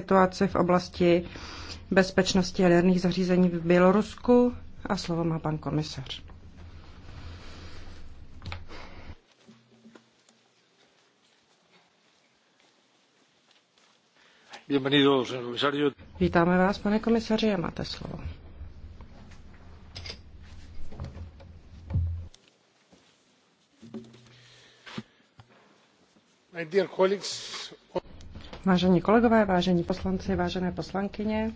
situaci v oblasti bezpečnosti jaderných zařízení v Bělorusku a slovo má pan komisař. Vítáme vás, pane komisaři, a máte slovo. My dear colleagues, Vážení kolegové, vážení poslanci, vážené poslankyně,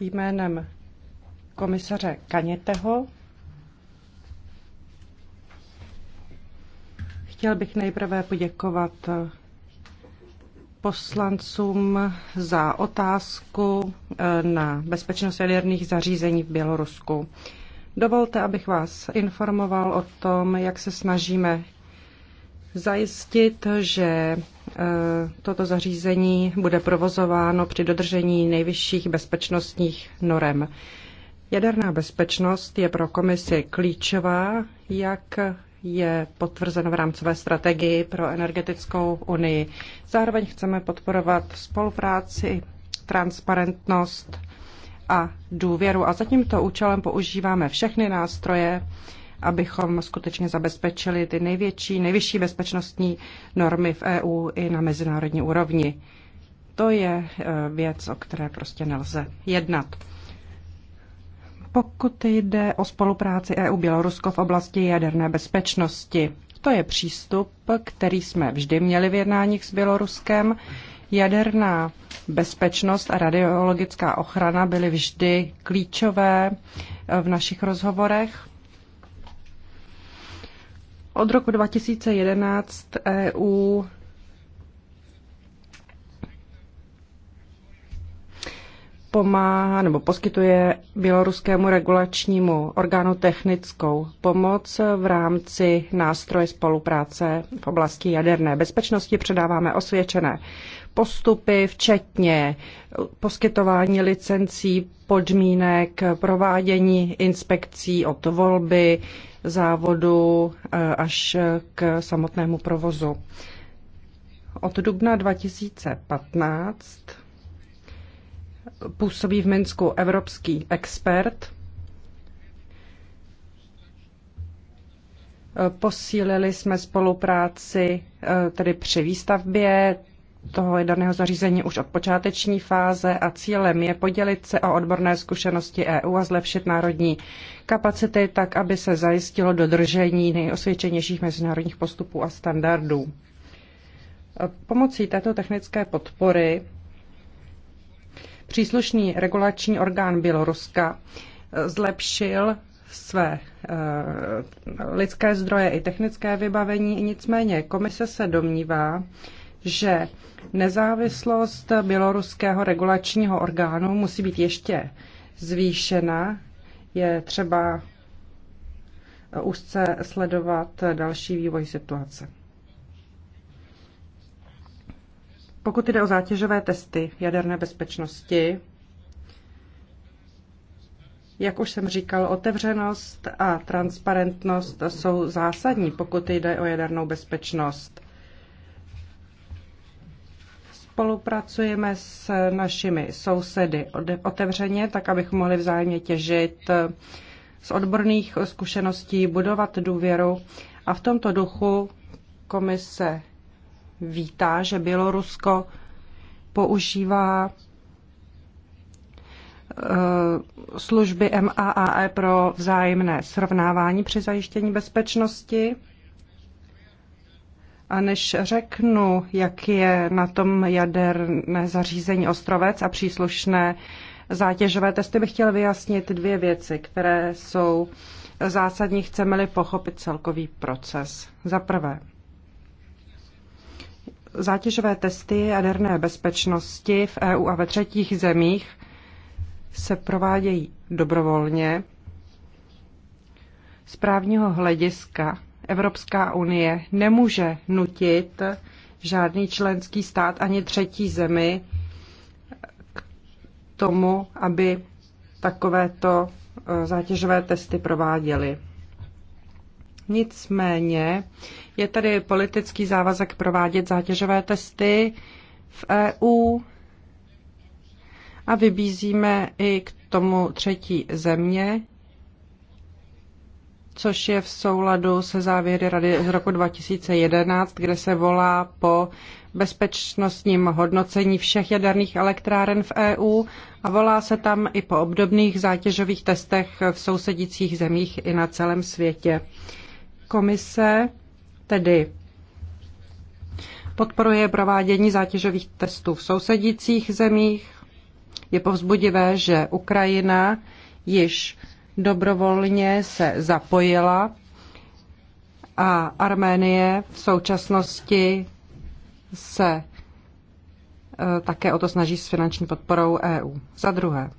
jménem komisaře Kaněteho chtěl bych nejprve poděkovat poslancům za otázku eh, na bezpečnost jaderných zařízení v Bělorusku. Dovolte, abych vás informoval o tom, jak se snažíme zajistit, že e, toto zařízení bude provozováno při dodržení nejvyšších bezpečnostních norem. Jaderná bezpečnost je pro komisi klíčová, jak je potvrzeno v rámcové strategii pro energetickou unii. Zároveň chceme podporovat spolupráci, transparentnost a důvěru a za tímto účelem používáme všechny nástroje, abychom skutečně zabezpečili ty největší, nejvyšší bezpečnostní normy v EU i na mezinárodní úrovni. To je e, věc, o které prostě nelze jednat. Pokud jde o spolupráci EU-Bělorusko v oblasti jaderné bezpečnosti, to je přístup, který jsme vždy měli v jednáních s Běloruskem. Jaderná bezpečnost a radiologická ochrana byly vždy klíčové e, v našich rozhovorech. Od roku 2011 EU pomáhá nebo poskytuje běloruskému regulačnímu orgánu technickou pomoc v rámci nástroje spolupráce v oblasti jaderné bezpečnosti. Předáváme osvědčené postupy, včetně poskytování licencí, podmínek, provádění inspekcí od volby, závodu e, až k samotnému provozu. Od dubna 2015 působí v Minsku evropský expert. Posílili jsme spolupráci e, tedy při výstavbě toho daného zařízení už od počáteční fáze a cílem je podělit se o odborné zkušenosti EU a zlepšit národní kapacity tak, aby se zajistilo dodržení nejosvědčenějších mezinárodních postupů a standardů. Pomocí této technické podpory příslušný regulační orgán Běloruska eh, zlepšil své eh, lidské zdroje i technické vybavení, nicméně komise se domnívá, že nezávislost běloruského regulačního orgánu musí být ještě zvýšena. Je třeba úzce sledovat další vývoj situace. Pokud jde o zátěžové testy jaderné bezpečnosti, jak už jsem říkal, otevřenost a transparentnost jsou zásadní, pokud jde o jadernou bezpečnost. Spolupracujeme s našimi sousedy otevřeně, tak abychom mohli vzájemně těžit eh, z odborných zkušeností, budovat důvěru. A v tomto duchu komise vítá, že Bělorusko používá eh, služby MAAE pro vzájemné srovnávání při zajištění bezpečnosti. A než řeknu, jak je na tom jaderné zařízení Ostrovec a příslušné zátěžové testy, bych chtěl vyjasnit dvě věci, které jsou zásadní, chceme-li pochopit celkový proces. Za prvé, zátěžové testy jaderné bezpečnosti v EU a ve třetích zemích se provádějí dobrovolně z právního hlediska Evropská unie nemůže nutit žádný členský stát ani třetí zemi k tomu, aby takovéto eh, zátěžové testy prováděly. Nicméně je tady politický závazek provádět zátěžové testy v EU a vybízíme i k tomu třetí země, což je v souladu se závěry Rady z roku 2011, kde se volá po bezpečnostním hodnocení všech jaderných elektráren v EU a volá se tam i po obdobných zátěžových testech v sousedících zemích i na celém světě. Komise tedy podporuje provádění zátěžových testů v sousedících zemích. Je povzbudivé, že Ukrajina již dobrovolně se zapojila a Arménie v současnosti se e, také o to snaží s finanční podporou EU. Za druhé,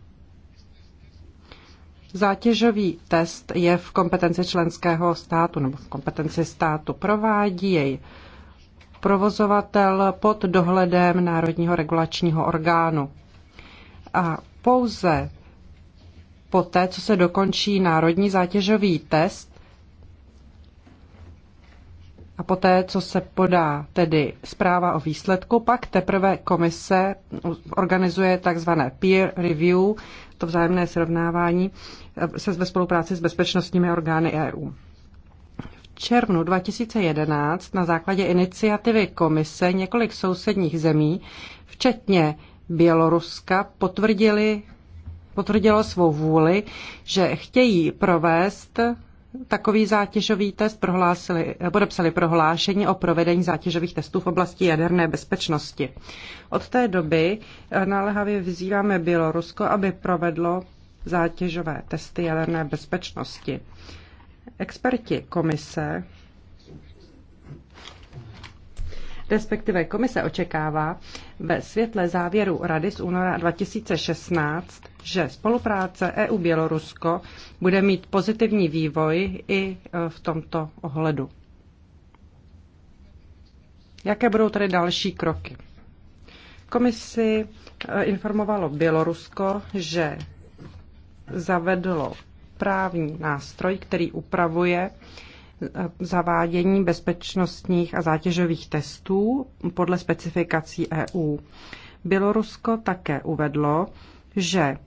zátěžový test je v kompetenci členského státu nebo v kompetenci státu. Provádí jej provozovatel pod dohledem Národního regulačního orgánu. A pouze poté, co se dokončí národní zátěžový test a poté, co se podá tedy zpráva o výsledku, pak teprve komise organizuje takzvané peer review, to vzájemné srovnávání eh, se ve spolupráci s bezpečnostními orgány EU. V červnu 2011 na základě iniciativy komise několik sousedních zemí, včetně Běloruska, potvrdili potvrdilo svou vůli, že chtějí provést takový zátěžový test, prohlásili, podepsali prohlášení o provedení zátěžových testů v oblasti jaderné bezpečnosti. Od té doby eh, naléhavě vyzýváme Bělorusko, aby provedlo zátěžové testy jaderné bezpečnosti. Experti komise respektive komise očekává ve světle závěru Rady z února 2016, že spolupráce EU-Bělorusko bude mít pozitivní vývoj i e, v tomto ohledu. Jaké budou tedy další kroky? Komisi e, informovalo Bělorusko, že zavedlo právní nástroj, který upravuje uh, zavádění bezpečnostních a zátěžových testů podle specifikací EU. Bělorusko také uvedlo, že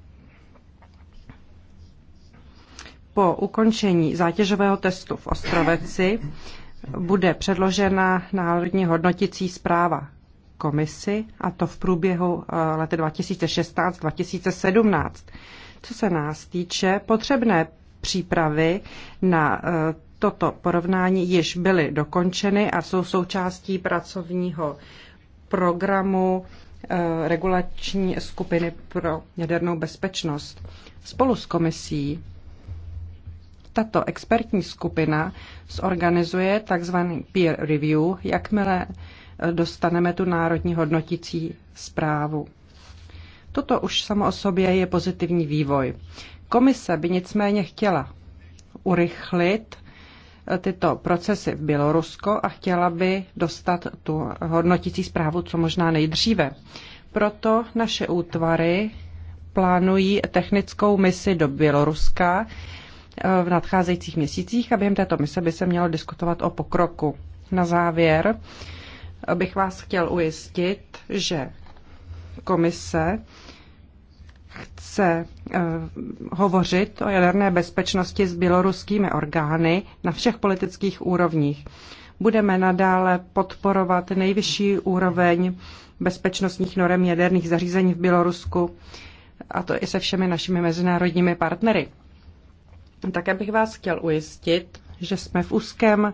po ukončení zátěžového testu v Ostroveci bude předložena národní hodnotící zpráva komisi, a to v průběhu eh, lety 2016-2017. Co se nás týče potřebné přípravy na eh, toto porovnání již byly dokončeny a jsou součástí pracovního programu eh, regulační skupiny pro jadernou bezpečnost. Spolu s komisí tato expertní skupina zorganizuje tzv. peer review, jakmile eh, dostaneme tu národní hodnotící zprávu. Toto už samo o sobě je pozitivní vývoj. Komise by nicméně chtěla urychlit tyto procesy v Bělorusko a chtěla by dostat tu hodnotící zprávu co možná nejdříve. Proto naše útvary plánují technickou misi do Běloruska eh, v nadcházejících měsících a během této mise by se mělo diskutovat o pokroku. Na závěr bych vás chtěl ujistit, že komise chce eh, hovořit o jaderné bezpečnosti s běloruskými orgány na všech politických úrovních. Budeme nadále podporovat nejvyšší úroveň bezpečnostních norem jaderných zařízení v Bělorusku, a to i se všemi našimi mezinárodními partnery. Také bych vás chtěl ujistit, že jsme v úzkém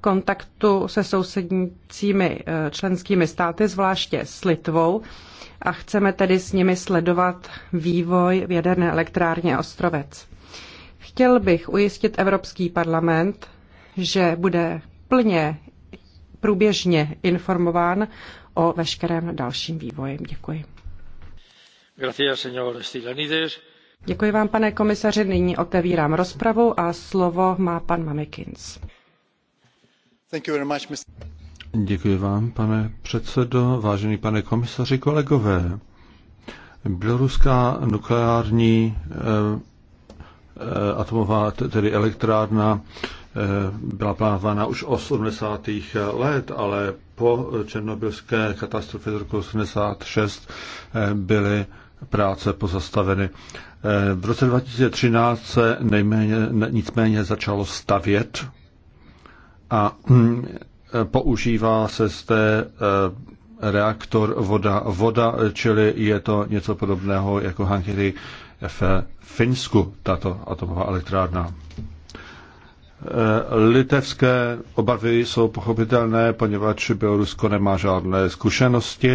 kontaktu se sousedními eh, členskými státy, zvláště s Litvou, a chceme tedy s nimi sledovat vývoj v jaderné elektrárně Ostrovec. Chtěl bych ujistit Evropský parlament, že bude plně průběžně informován o veškerém dalším vývoji. Děkuji. Děkuji vám, pane komisaři. Nyní otevírám rozpravu a slovo má pan Mamikins. Děkuji vám, pane předsedo, vážený pane komisaři, kolegové. Běloruská nukleární eh, eh, atomová, tedy elektrárna, eh, byla plánována už 80. let, ale po černobylské katastrofě z roku 1986 byly práce pozastaveny. V roce 2013 se nejméně, nicméně začalo stavět a hm, používá se zde eh, reaktor voda voda, čili je to něco podobného jako Hankiri v Finsku, tato atomová elektrárna. Eh, litevské obavy jsou pochopitelné, poněvadž Bělorusko nemá žádné zkušenosti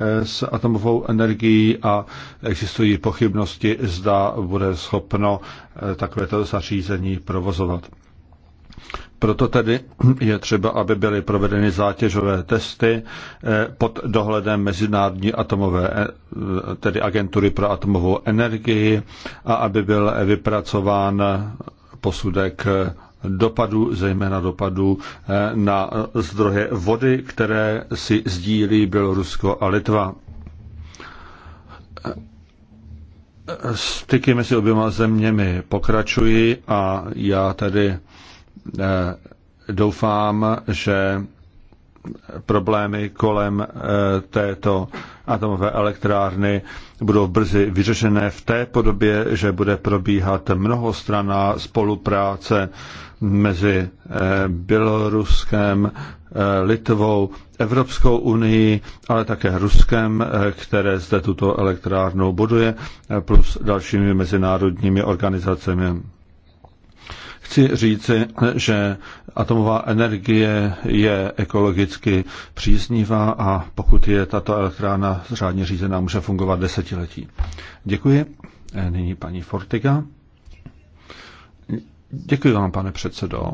eh, s atomovou energií a existují pochybnosti, zda bude schopno takovéto zařízení provozovat. Proto tedy je třeba, aby byly provedeny zátěžové testy eh, pod dohledem Mezinárodní atomové, eh, tedy agentury pro atomovou energii a aby byl vypracován posudek dopadu, zejména dopadu eh, na zdroje vody, které si sdílí Bělorusko a Litva. Styky mezi oběma zeměmi pokračují a já tedy Eh, doufám, že problémy kolem eh, této atomové elektrárny budou brzy vyřešené v té podobě, že bude probíhat mnohostraná spolupráce mezi eh, Běloruskem, Litvou, Evropskou unii, ale také Ruskem, které zde tuto elektrárnu buduje, plus dalšími mezinárodními organizacemi. Chci říci, že atomová energie je ekologicky příznivá a pokud je tato elektrána řádně řízená, může fungovat desetiletí. Děkuji. Nyní paní Fortiga. Děkuji vám, pane předsedo.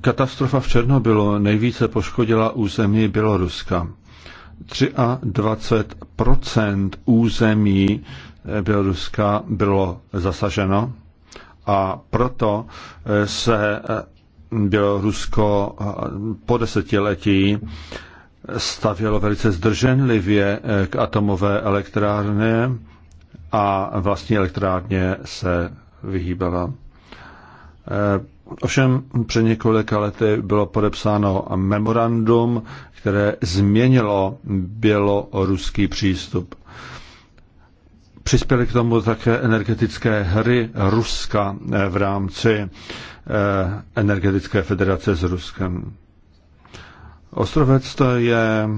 Katastrofa v Černobylu nejvíce poškodila území Běloruska. 23 území Běloruska bylo zasaženo a proto eh, se eh, Bělorusko eh, po desetiletí stavělo velice zdrženlivě k atomové elektrárně a vlastní elektrárně se vyhýbala. Ovšem před několika lety bylo podepsáno memorandum, které změnilo běloruský přístup. Přispěly k tomu také energetické hry Ruska eh, v rámci eh, energetické federace s Ruskem. Ostrovec to je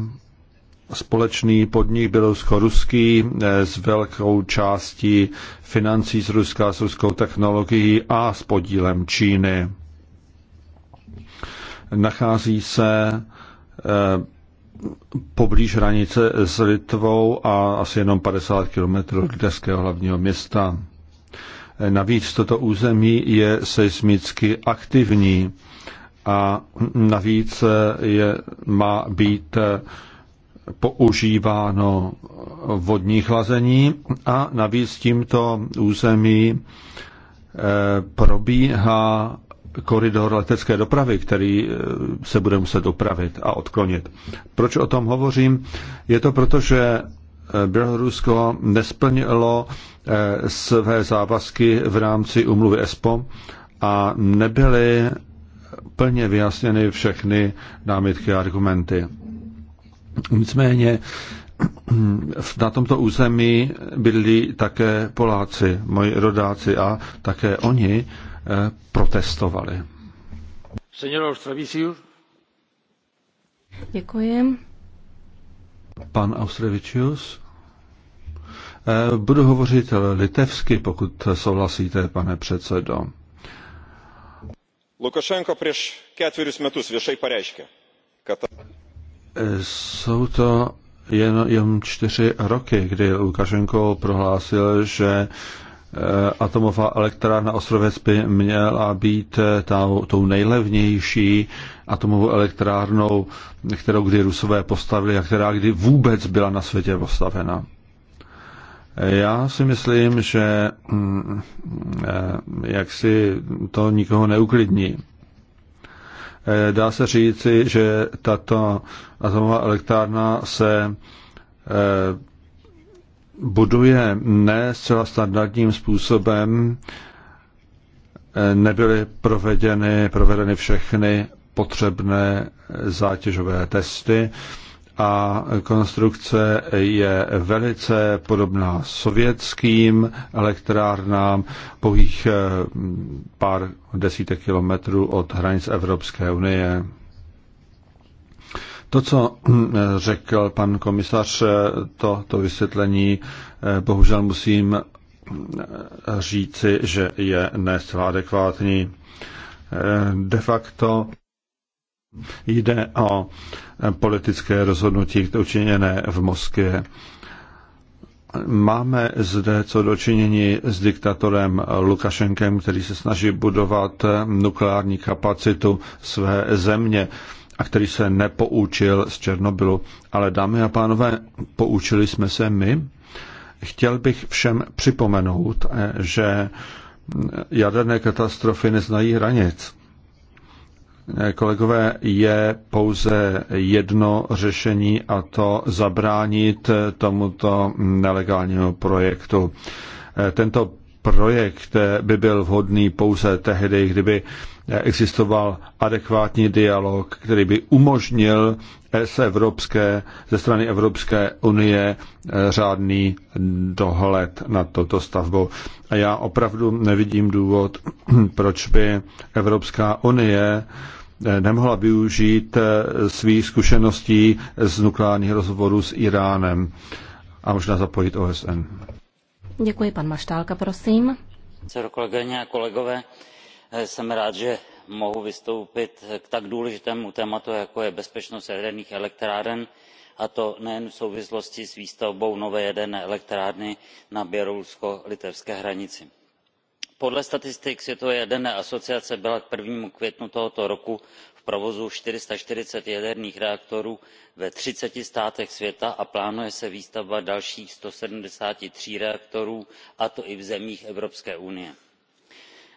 společný podnik bělorusko-ruský eh, s velkou částí financí z Ruska, s ruskou technologií a s podílem Číny. Nachází se poblíž hranice s Litvou a asi jenom 50 km od Deského hlavního města. Navíc toto území je seismicky aktivní a navíc je, má být používáno vodní chlazení a navíc tímto území eh, probíhá koridor letecké dopravy, který eh, se bude muset opravit a odklonit. Proč o tom hovořím? Je to proto, že eh, Bělorusko nesplnilo eh, své závazky v rámci umluvy ESPO a nebyly plně vyjasněny všechny námitky a argumenty. Nicméně na tomto území byli také Poláci, moji rodáci a také oni Eh, protestovali. Děkuji. Pan Austrevičius. Eh, budu hovořit litevsky, pokud souhlasíte, pane předsedo. Lukašenko před ketverius metus věšej pareiškė, Kata... Eh, jsou to jen, jen čtyři roky, kdy Lukašenko prohlásil, že Eh, atomová elektrárna Ostrovec by měla být eh, tou nejlevnější atomovou elektrárnou, kterou kdy Rusové postavili a která kdy vůbec byla na světě postavena. Eh, já si myslím, že mm, jak si to nikoho neuklidní. Dá se říci, že tato atomová elektrárna se buduje ne zcela standardním způsobem, eh, nebyly provedeny, provedeny všechny potřebné zátěžové testy a konstrukce je velice podobná sovětským elektrárnám pouhých eh, pár desítek kilometrů od hranic Evropské unie. To, co hm, řekl pan komisař, to, to vysvětlení, eh, bohužel musím hm, říci, že je ne adekvátní. Eh, de facto jde o eh, politické rozhodnutí které učiněné v Moskvě. Máme zde co dočinění s diktatorem Lukašenkem, který se snaží budovat nukleární kapacitu své země a který se nepoučil z Černobylu. Ale dámy a pánové, poučili jsme se my. Chtěl bych všem připomenout, eh, že jaderné katastrofy neznají hranic. Eh, kolegové, je pouze jedno řešení a to zabránit eh, tomuto nelegálnímu projektu. Tento projekt by byl vhodný pouze tehdy, kdyby existoval adekvátní dialog, který by umožnil z Evropské, ze strany Evropské unie eh, řádný dohled na toto stavbou. A já opravdu nevidím důvod, proč by Evropská unie eh, nemohla využít eh, svých zkušeností z nukleárních rozhovorů s Iránem a možná zapojit OSN. Děkuji, pan Maštálka, prosím. Kolegyně a kolegové, Eh, jsem rád že mohu vystoupit k tak důležitému tématu jako je bezpečnost jaderných elektráren a to nejen v souvislosti s výstavbou nové jaderné elektrárny na bělorusko litevské hranici. podle statistik světové jaderné asociace byla k. one květnu tohoto roku v provozu four hundred and forty jaderných reaktorů ve thirty státech světa a plánuje se výstavba dalších one hundred and seventy three reaktorů a to i v zemích evropské unie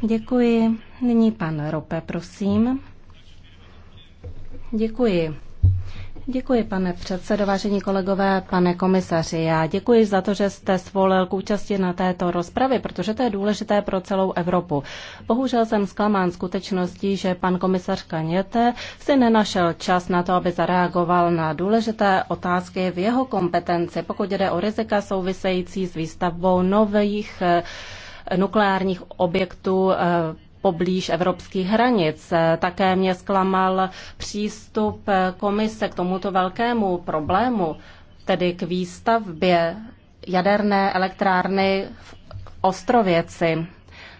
Děkuji. Nyní pan Rope, prosím. Děkuji. Děkuji, pane předsedo, vážení kolegové, pane komisaři. Já děkuji za to, že jste svolil k účasti na této rozpravě, protože to je důležité pro celou Evropu. Bohužel jsem zklamán skutečností, že pan komisař Kaněte si nenašel čas na to, aby zareagoval na důležité otázky v jeho kompetenci, pokud jde o rizika související s výstavbou nových nukleárních objektů eh, poblíž evropských hranic. Také mě zklamal přístup eh, komise k tomuto velkému problému, tedy k výstavbě jaderné elektrárny v Ostrověci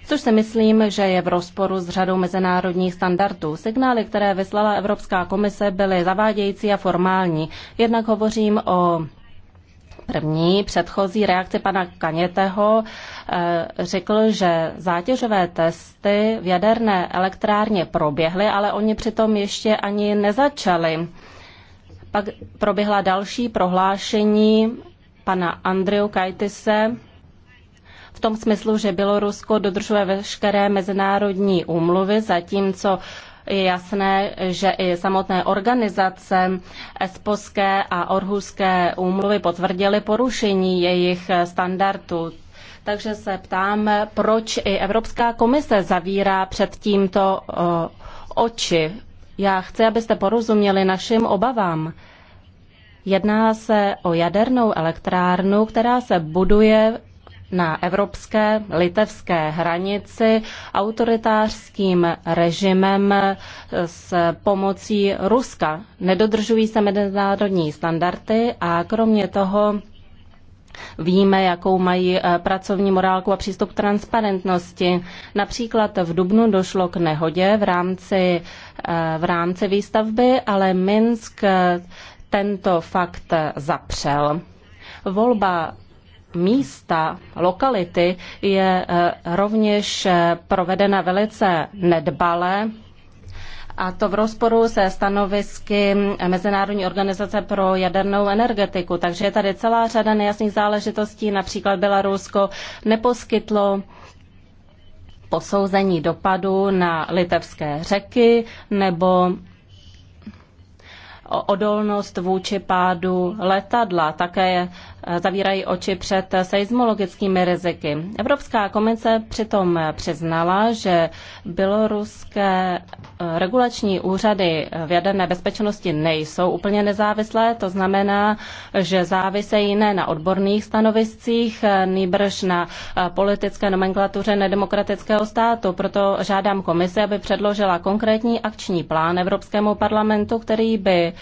což si myslím, že je v rozporu s řadou mezinárodních standardů. Signály, které vyslala Evropská komise, byly zavádějící a formální. Jednak hovořím o první předchozí reakci pana Kaněteho eh, řekl, že zátěžové testy v jaderné elektrárně proběhly, ale oni přitom ještě ani nezačali. Pak proběhla další prohlášení pana Andriu Kajtise v tom smyslu, že Bělorusko dodržuje veškeré mezinárodní úmluvy, zatímco je jasné, že i samotné organizace Esposké a Orhuské úmluvy potvrdily porušení jejich standardů. Takže se ptám, proč i Evropská komise zavírá před tímto eh, oči. Já chci, abyste porozuměli našim obavám. Jedná se o jadernou elektrárnu, která se buduje na evropské litevské hranici autoritářským režimem s pomocí Ruska. Nedodržují se mezinárodní standardy a kromě toho Víme, jakou mají eh, pracovní morálku a přístup k transparentnosti. Například v Dubnu došlo k nehodě v rámci, eh, v rámci výstavby, ale Minsk eh, tento fakt zapřel. Volba místa, lokality je eh, rovněž eh, provedena velice nedbale a to v rozporu se stanovisky Mezinárodní organizace pro jadernou energetiku. Takže je tady celá řada nejasných záležitostí, například Bělorusko neposkytlo posouzení dopadu na litevské řeky nebo odolnost vůči pádu letadla. Také eh, zavírají oči před seismologickými riziky. Evropská komise přitom přiznala, že běloruské eh, regulační úřady v jaderné bezpečnosti nejsou úplně nezávislé, to znamená, že závisejí ne na odborných stanoviscích, eh, nýbrž na politické nomenklatuře nedemokratického státu. Proto žádám komise, aby předložila konkrétní akční plán Evropskému parlamentu, který by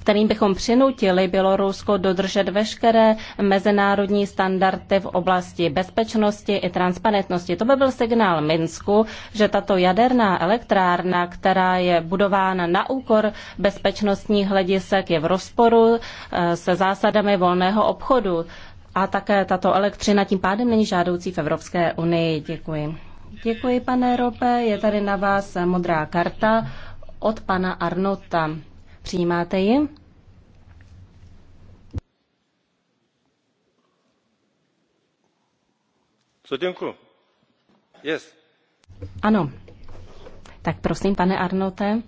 kterým bychom přinutili Bělorusko dodržet veškeré mezinárodní standardy v oblasti bezpečnosti i transparentnosti. To by byl signál Minsku, že tato jaderná elektrárna, která je budována na úkor bezpečnostních hledisek, je v rozporu eh, se zásadami volného obchodu. A také tato elektřina tím pádem není žádoucí v Evropské unii. Děkuji. Děkuji, pane Rope. Je tady na vás modrá karta od pana Arnota. Přijímáte ji? Sutinku. Yes. Ano. Tak prosím, pane Arnote.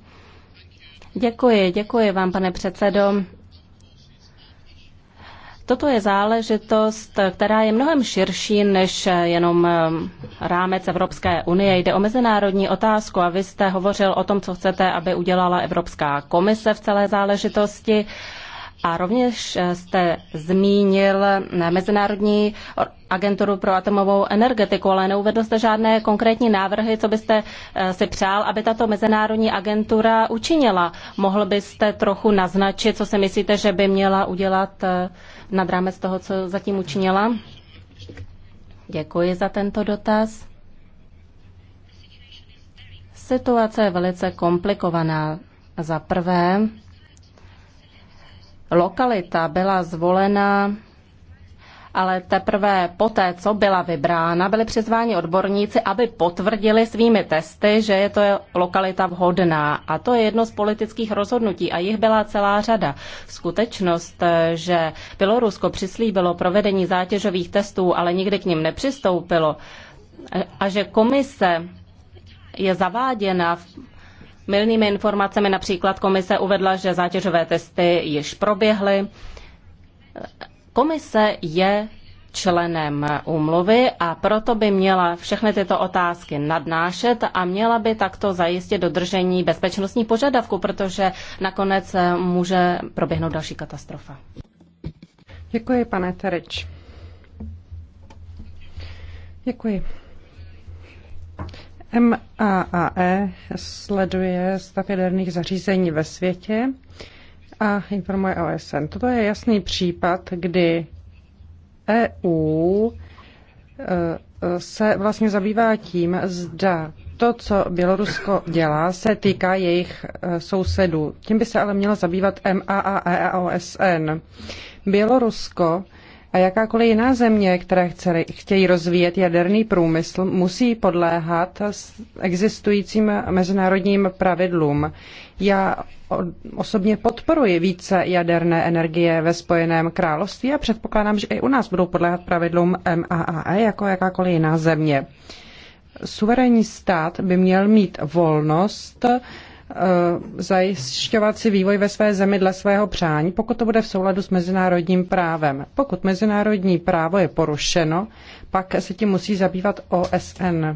Děkuji, děkuji vám, pane předsedo. Toto je záležitost, která je mnohem širší než jenom um, rámec Evropské unie. Jde o mezinárodní otázku a vy jste hovořil o tom, co chcete, aby udělala Evropská komise v celé záležitosti. A rovněž eh, jste zmínil eh, Mezinárodní agenturu pro atomovou energetiku, ale neuvedl jste žádné konkrétní návrhy, co byste eh, si přál, aby tato mezinárodní agentura učinila. Mohl byste trochu naznačit, co si myslíte, že by měla udělat nad rámec toho, co zatím učinila? Děkuji za tento dotaz. Situace je velice komplikovaná. Za prvé, lokalita byla zvolena ale teprve poté, co byla vybrána, byli přizváni odborníci, aby potvrdili svými testy, že je to lokalita vhodná. A to je jedno z politických rozhodnutí a jich byla celá řada. Skutečnost, že Bělorusko přislíbilo provedení zátěžových testů, ale nikdy k ním nepřistoupilo a že komise je zaváděna v Milnými informacemi například komise uvedla, že zátěžové testy již proběhly. Komise je členem úmluvy a proto by měla všechny tyto otázky nadnášet a měla by takto zajistit dodržení bezpečnostní požadavku, protože nakonec může proběhnout další katastrofa. Děkuji, pane Tereč. Děkuji. MAAE sleduje stav jaderných zařízení ve světě a informuje OSN. Toto je jasný případ, kdy EU e, se vlastně zabývá tím, zda to, co Bělorusko dělá, se týká jejich e, sousedů. Tím by se ale měla zabývat MAAE a e OSN. Bělorusko a jakákoliv jiná země, které chce, chtějí rozvíjet jaderný průmysl, musí podléhat existujícím mezinárodním pravidlům. Já osobně podporuji více jaderné energie ve Spojeném království a předpokládám, že i u nás budou podléhat pravidlům MAAE jako jakákoliv jiná země. Suverénní stát by měl mít volnost Eh, zajišťovat si vývoj ve své zemi dle svého přání, pokud to bude v souladu s mezinárodním právem. Pokud mezinárodní právo je porušeno, pak se tím musí zabývat OSN.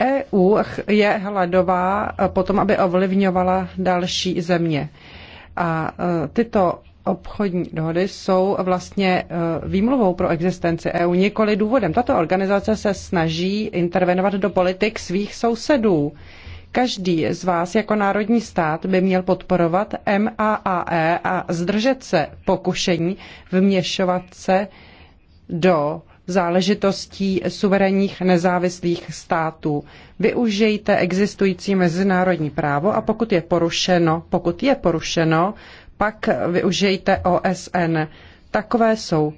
EU je hladová eh, potom, aby ovlivňovala další země. A eh, tyto obchodní dohody jsou vlastně výmluvou pro existenci EU, nikoli důvodem. Tato organizace se snaží intervenovat do politik svých sousedů. Každý z vás jako národní stát by měl podporovat MAAE a zdržet se pokušení vměšovat se do záležitostí suverénních nezávislých států. Využijte existující mezinárodní právo a pokud je porušeno, pokud je porušeno, pak využijte OSN. Takové jsou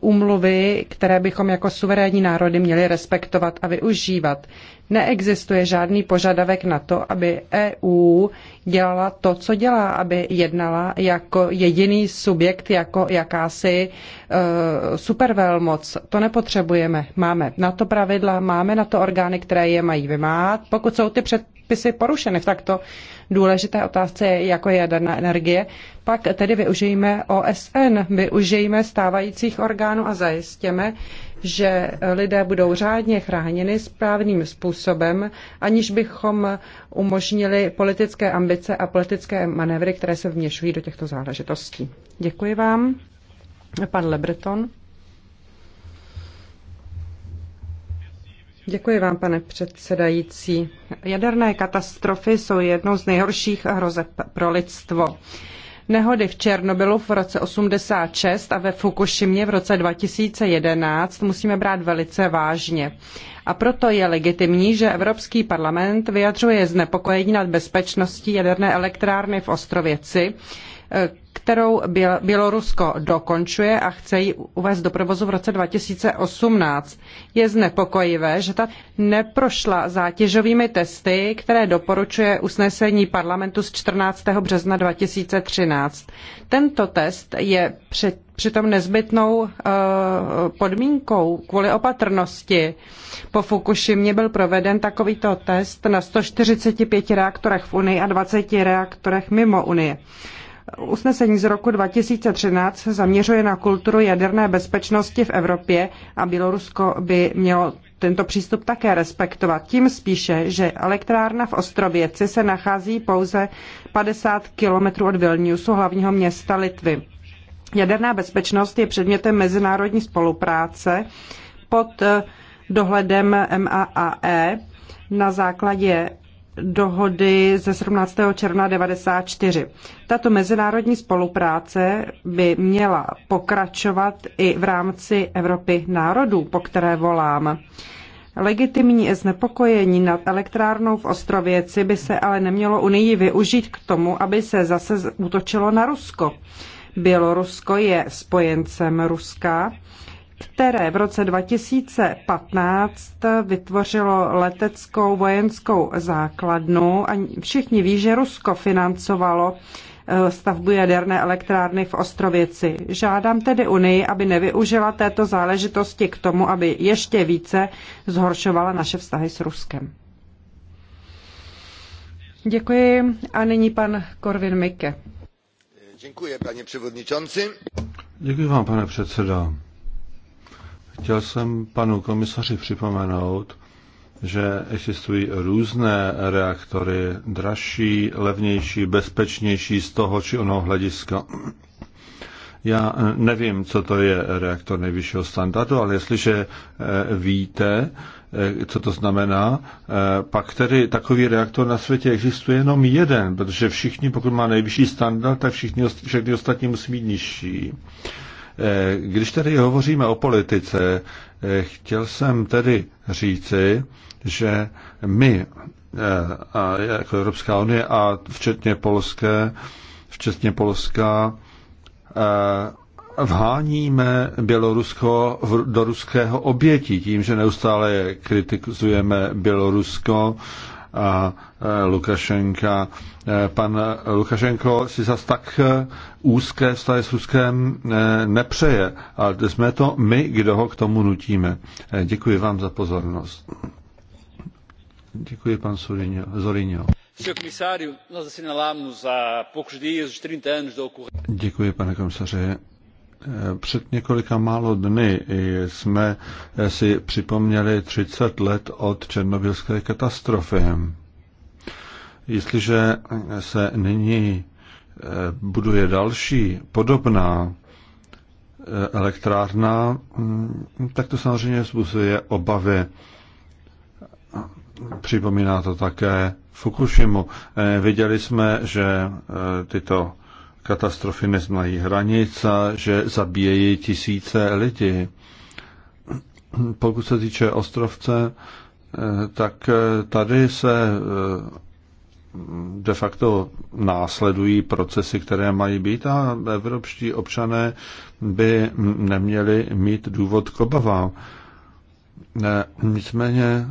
úmluvy, které bychom jako suverénní národy měli respektovat a využívat. Neexistuje žádný požadavek na to, aby EU dělala to, co dělá, aby jednala jako jediný subjekt, jako jakási uh, supervelmoc. To nepotřebujeme. Máme na to pravidla, máme na to orgány, které je mají vymáhat. Pokud jsou ty před předpisy porušeny v takto důležité otázce, jako je jaderná energie, pak tedy využijeme OSN, využijeme stávajících orgánů a zajistěme, že lidé budou řádně chráněni správným způsobem, aniž bychom umožnili politické ambice a politické manévry, které se vměšují do těchto záležitostí. Děkuji vám. Pan Lebreton. Děkuji vám, pane předsedající. Jaderné katastrofy jsou jednou z nejhorších hrozeb pro lidstvo. Nehody v Černobylu v roce 86 a ve Fukushimě v roce 2011 musíme brát velice vážně. A proto je legitimní, že Evropský parlament vyjadřuje znepokojení nad bezpečností jaderné elektrárny v Ostrověci, kterou Bělorusko dokončuje a chce ji uvést do provozu v roce 2018. Je znepokojivé, že ta neprošla zátěžovými testy, které doporučuje usnesení parlamentu z 14. března 2013. Tento test je přitom nezbytnou eh, podmínkou kvůli opatrnosti. Po Fukushimě byl proveden takovýto test na 145 reaktorech v Unii a 20 reaktorech mimo Unii. Usnesení z roku 2013 se zaměřuje na kulturu jaderné bezpečnosti v Evropě a Bělorusko by mělo tento přístup také respektovat. Tím spíše, že elektrárna v Ostrověci se nachází pouze 50 kilometrů od Vilniusu, hlavního města Litvy. Jaderná bezpečnost je předmětem mezinárodní spolupráce pod dohledem MAAE na základě dohody ze 17. června 1994. Tato mezinárodní spolupráce by měla pokračovat i v rámci Evropy národů, po které volám. Legitimní znepokojení nad elektrárnou v Ostrověci by se ale nemělo Unii využít k tomu, aby se zase útočilo na Rusko. Bělorusko je spojencem Ruska které v roce 2015 vytvořilo leteckou vojenskou základnu a všichni ví, že Rusko financovalo eh, stavbu jaderné elektrárny v Ostrověci. Žádám tedy Unii, aby nevyužila této záležitosti k tomu, aby ještě více zhoršovala naše vztahy s Ruskem. Děkuji. A nyní pan Korvin Mike. Děkuji, paní předsedající. Děkuji vám, pane předsedo. Chtěl jsem panu komisaři připomenout, že existují různé reaktory, dražší, levnější, bezpečnější z toho či onoho hlediska. Já nevím, co to je reaktor nejvyššího standardu, ale jestliže eh, víte, eh, co to znamená, eh, pak tedy takový reaktor na světě existuje jenom jeden, protože všichni, pokud má nejvyšší standard, tak všichni, všechny ostatní musí být nižší. Eh, když tedy hovoříme o politice, eh, chtěl jsem tedy říci, že my eh, jako Evropská unie a včetně Polské, včetně Polska, vháníme Bělorusko do ruského obětí tím, že neustále kritizujeme Bělorusko a e, Lukašenka. E, pan Lukašenko si zas tak e, úzké vztahy s Ruskem nepřeje, ale jsme to my, kdo ho k tomu nutíme. Děkuji vám za pozornost. Děkuji, pan Zorinio. Děkuji, pane komisaři. Eh, před několika málo dny jsme eh, si připomněli 30 let od černobylské katastrofy. Jestliže eh, se nyní buduje další podobná elektrárna, mm, tak to samozřejmě způsobuje obavy. Připomíná to také Fukushimu. Viděli jsme, že tyto katastrofy neznají hranic a že zabíjejí tisíce lidí. Pokud se týče ostrovce, eh, tak eh, tady se eh, de facto následují procesy, které mají být a evropští občané by neměli mít důvod k obavám. Nicméně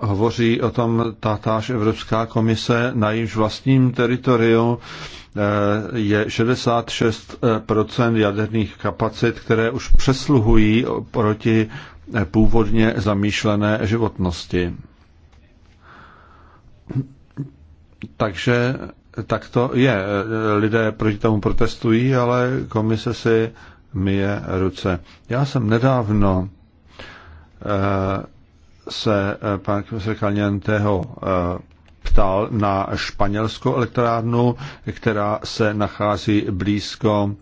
hovoří o tom tátáž Evropská komise, na jejímž vlastním teritoriu eh, je 66 jaderných kapacit, které už přesluhují proti eh, původně zamýšlené životnosti. Takže tak to je. Lidé proti tomu protestují, ale komise si myje ruce. Já jsem nedávno eh, se eh, pan profesor Kalněnteho eh, ptal na španělskou elektrárnu, která se nachází blízko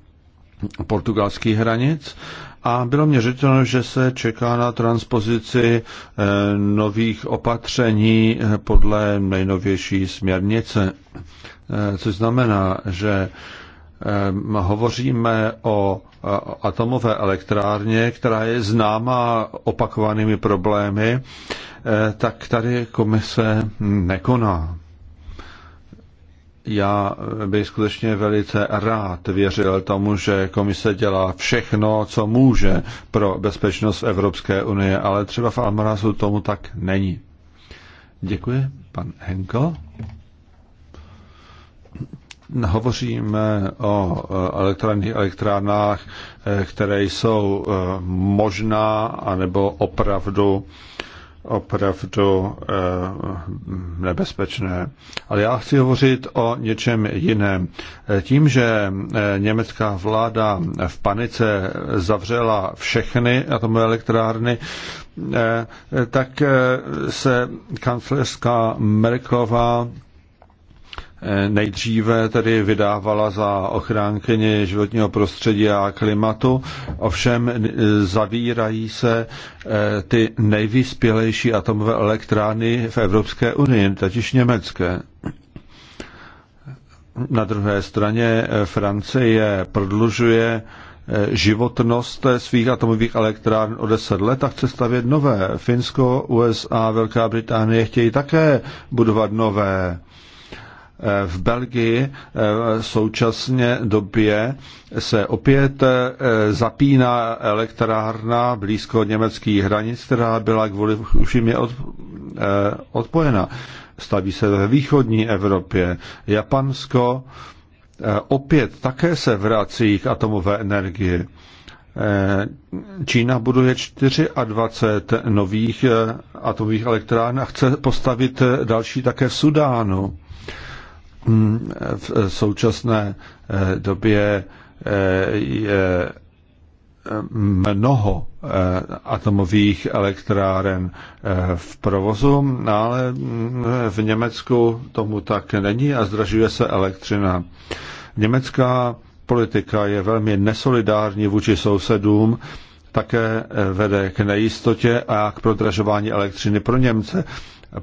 portugalských hranic a bylo mě řečeno, že se čeká na transpozici eh, nových opatření podle nejnovější směrnice, což znamená, že Ehm, hovoříme o atomové elektrárně, která je známá opakovanými problémy, eh, tak tady komise nekoná. Já bych skutečně velice rád věřil tomu, že komise dělá všechno, co může pro bezpečnost Evropské unie, ale třeba v Almarazu tomu tak není. Děkuji, pan Henko hovoříme o e, elektrárních elektrárnách, e, které jsou e, možná anebo opravdu opravdu nebezpečné. Ale já chci hovořit o něčem jiném. Tím, že německá vláda v panice zavřela všechny atomové elektrárny, tak se kancelářská Merklová Eh, nejdříve tedy vydávala za ochránkyně životního prostředí a klimatu, ovšem eh, zavírají se eh, ty nejvyspělejší atomové elektrárny v Evropské unii, totiž německé. Na druhé straně Francie prodlužuje životnost svých atomových elektrárn o 10 let a chce stavět nové. Finsko, USA, Velká Británie chtějí také budovat nové. V Belgii v eh, současné době se opět eh, zapíná elektrárna blízko německých hranic, která byla kvůli Fukushimě eh, odpojena. Staví se ve východní Evropě. Japansko opět také se vrací k atomové energii. Čína buduje 24 nových atomových elektráren. a chce postavit další také v Sudánu. Mm, eh, v současné eh, době eh, je mnoho atomových elektráren v provozu, ale mm, v Německu tomu tak není a zdražuje se elektřina. Německá politika je velmi nesolidární vůči sousedům, také vede k nejistotě a k prodražování elektřiny pro Němce.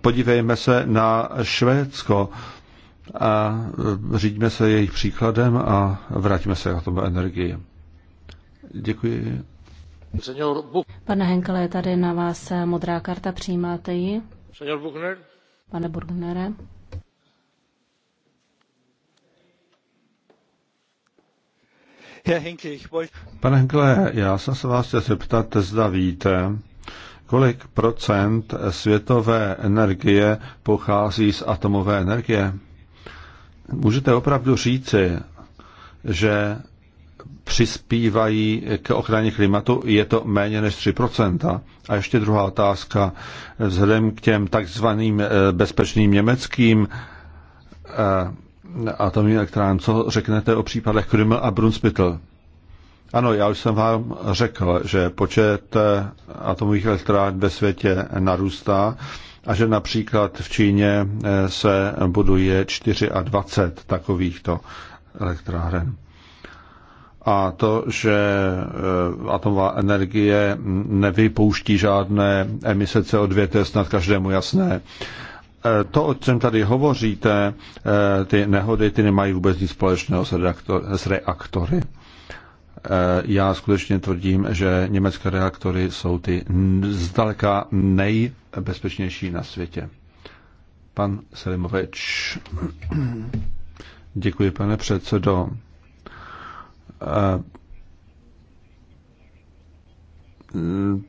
Podívejme se na Švédsko a e, řídíme se jejich příkladem a vrátíme se k tomu energii. Děkuji. Pane Henkele, je tady na vás e, modrá karta, přijímáte ji? Pane Burgnere. Pane Henkele, já jsem se vás chtěl zeptat, zda víte, kolik procent světové energie pochází z atomové energie? můžete opravdu říci, že přispívají k ochraně klimatu, je to méně než 3%. A ještě druhá otázka. Vzhledem k těm takzvaným eh, bezpečným německým eh, atomovým elektrán, co řeknete o případech Kryml a Brunsbüttel? Ano, já už jsem vám řekl, že počet eh, atomových elektrán ve světě narůstá a že například v Číně eh, se buduje 24 takovýchto elektráren. A to, že eh, atomová energie nevypouští žádné emise CO2, to je snad každému jasné. Eh, to, o čem tady hovoříte, ty nehody, ty nemají vůbec nic společného s reaktory. Eh, já skutečně tvrdím, že německé reaktory jsou ty zdaleka nejbezpečnější na světě. Pan Selimoveč. Děkuji, pane předsedo. Eh,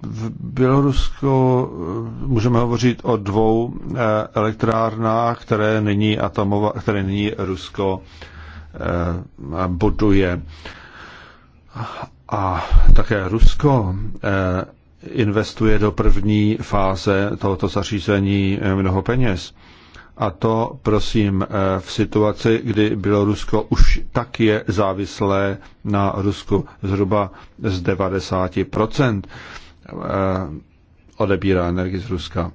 v Bělorusku eh, můžeme hovořit o dvou elektrárnách, které nyní, atomova, které nyní Rusko buduje. A také Rusko eh, investuje do první fáze tohoto zařízení eh, mnoho peněz. A to, prosím, eh, v situaci, kdy Bělorusko už tak je závislé na Rusku zhruba z 90% odebírá energii z Ruska.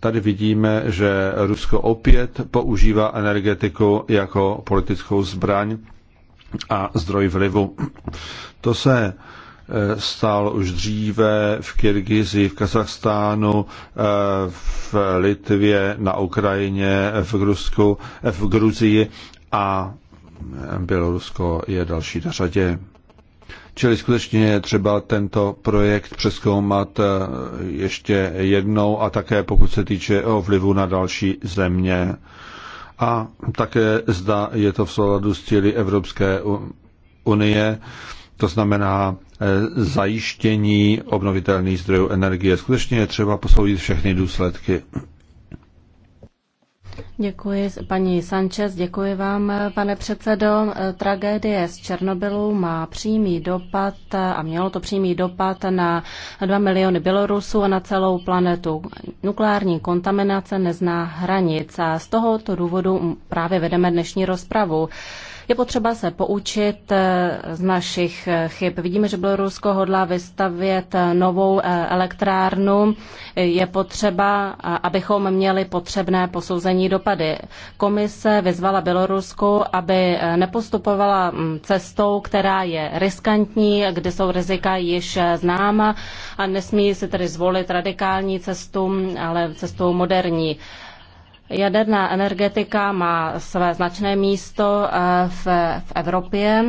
Tady vidíme, že Rusko opět používá energetiku jako politickou zbraň a zdroj vlivu. To se eh, stál už dříve v Kyrgyzi, v Kazachstánu, eh, v Litvě, na Ukrajině, v, Rusku, eh, v Gruzii a Bělorusko je další na řadě. Čili skutečně je třeba tento projekt přeskoumat ještě jednou a také pokud se týče o vlivu na další země a také zda je to v souladu s cíly Evropské unie, to znamená e, zajištění obnovitelných zdrojů energie. Skutečně je třeba posoudit všechny důsledky. Děkuji, paní Sanchez, děkuji vám, pane předsedo. Tragédie z Černobylu má přímý dopad a mělo to přímý dopad na 2 miliony Bělorusů a na celou planetu. Nukleární kontaminace nezná hranic a z tohoto důvodu právě vedeme dnešní rozpravu. Je potřeba se poučit eh, z našich eh, chyb. Vidíme, že Bělorusko hodlá vystavět eh, novou elektrárnu. Je potřeba, abychom měli potřebné posouzení dopady. Komise vyzvala Bělorusko, aby nepostupovala mm, cestou, která je riskantní, kde jsou rizika již známa a nesmí si tedy zvolit radikální cestu, mm, ale cestou moderní. Jaderná energetika má své značné místo eh, v, v Evropě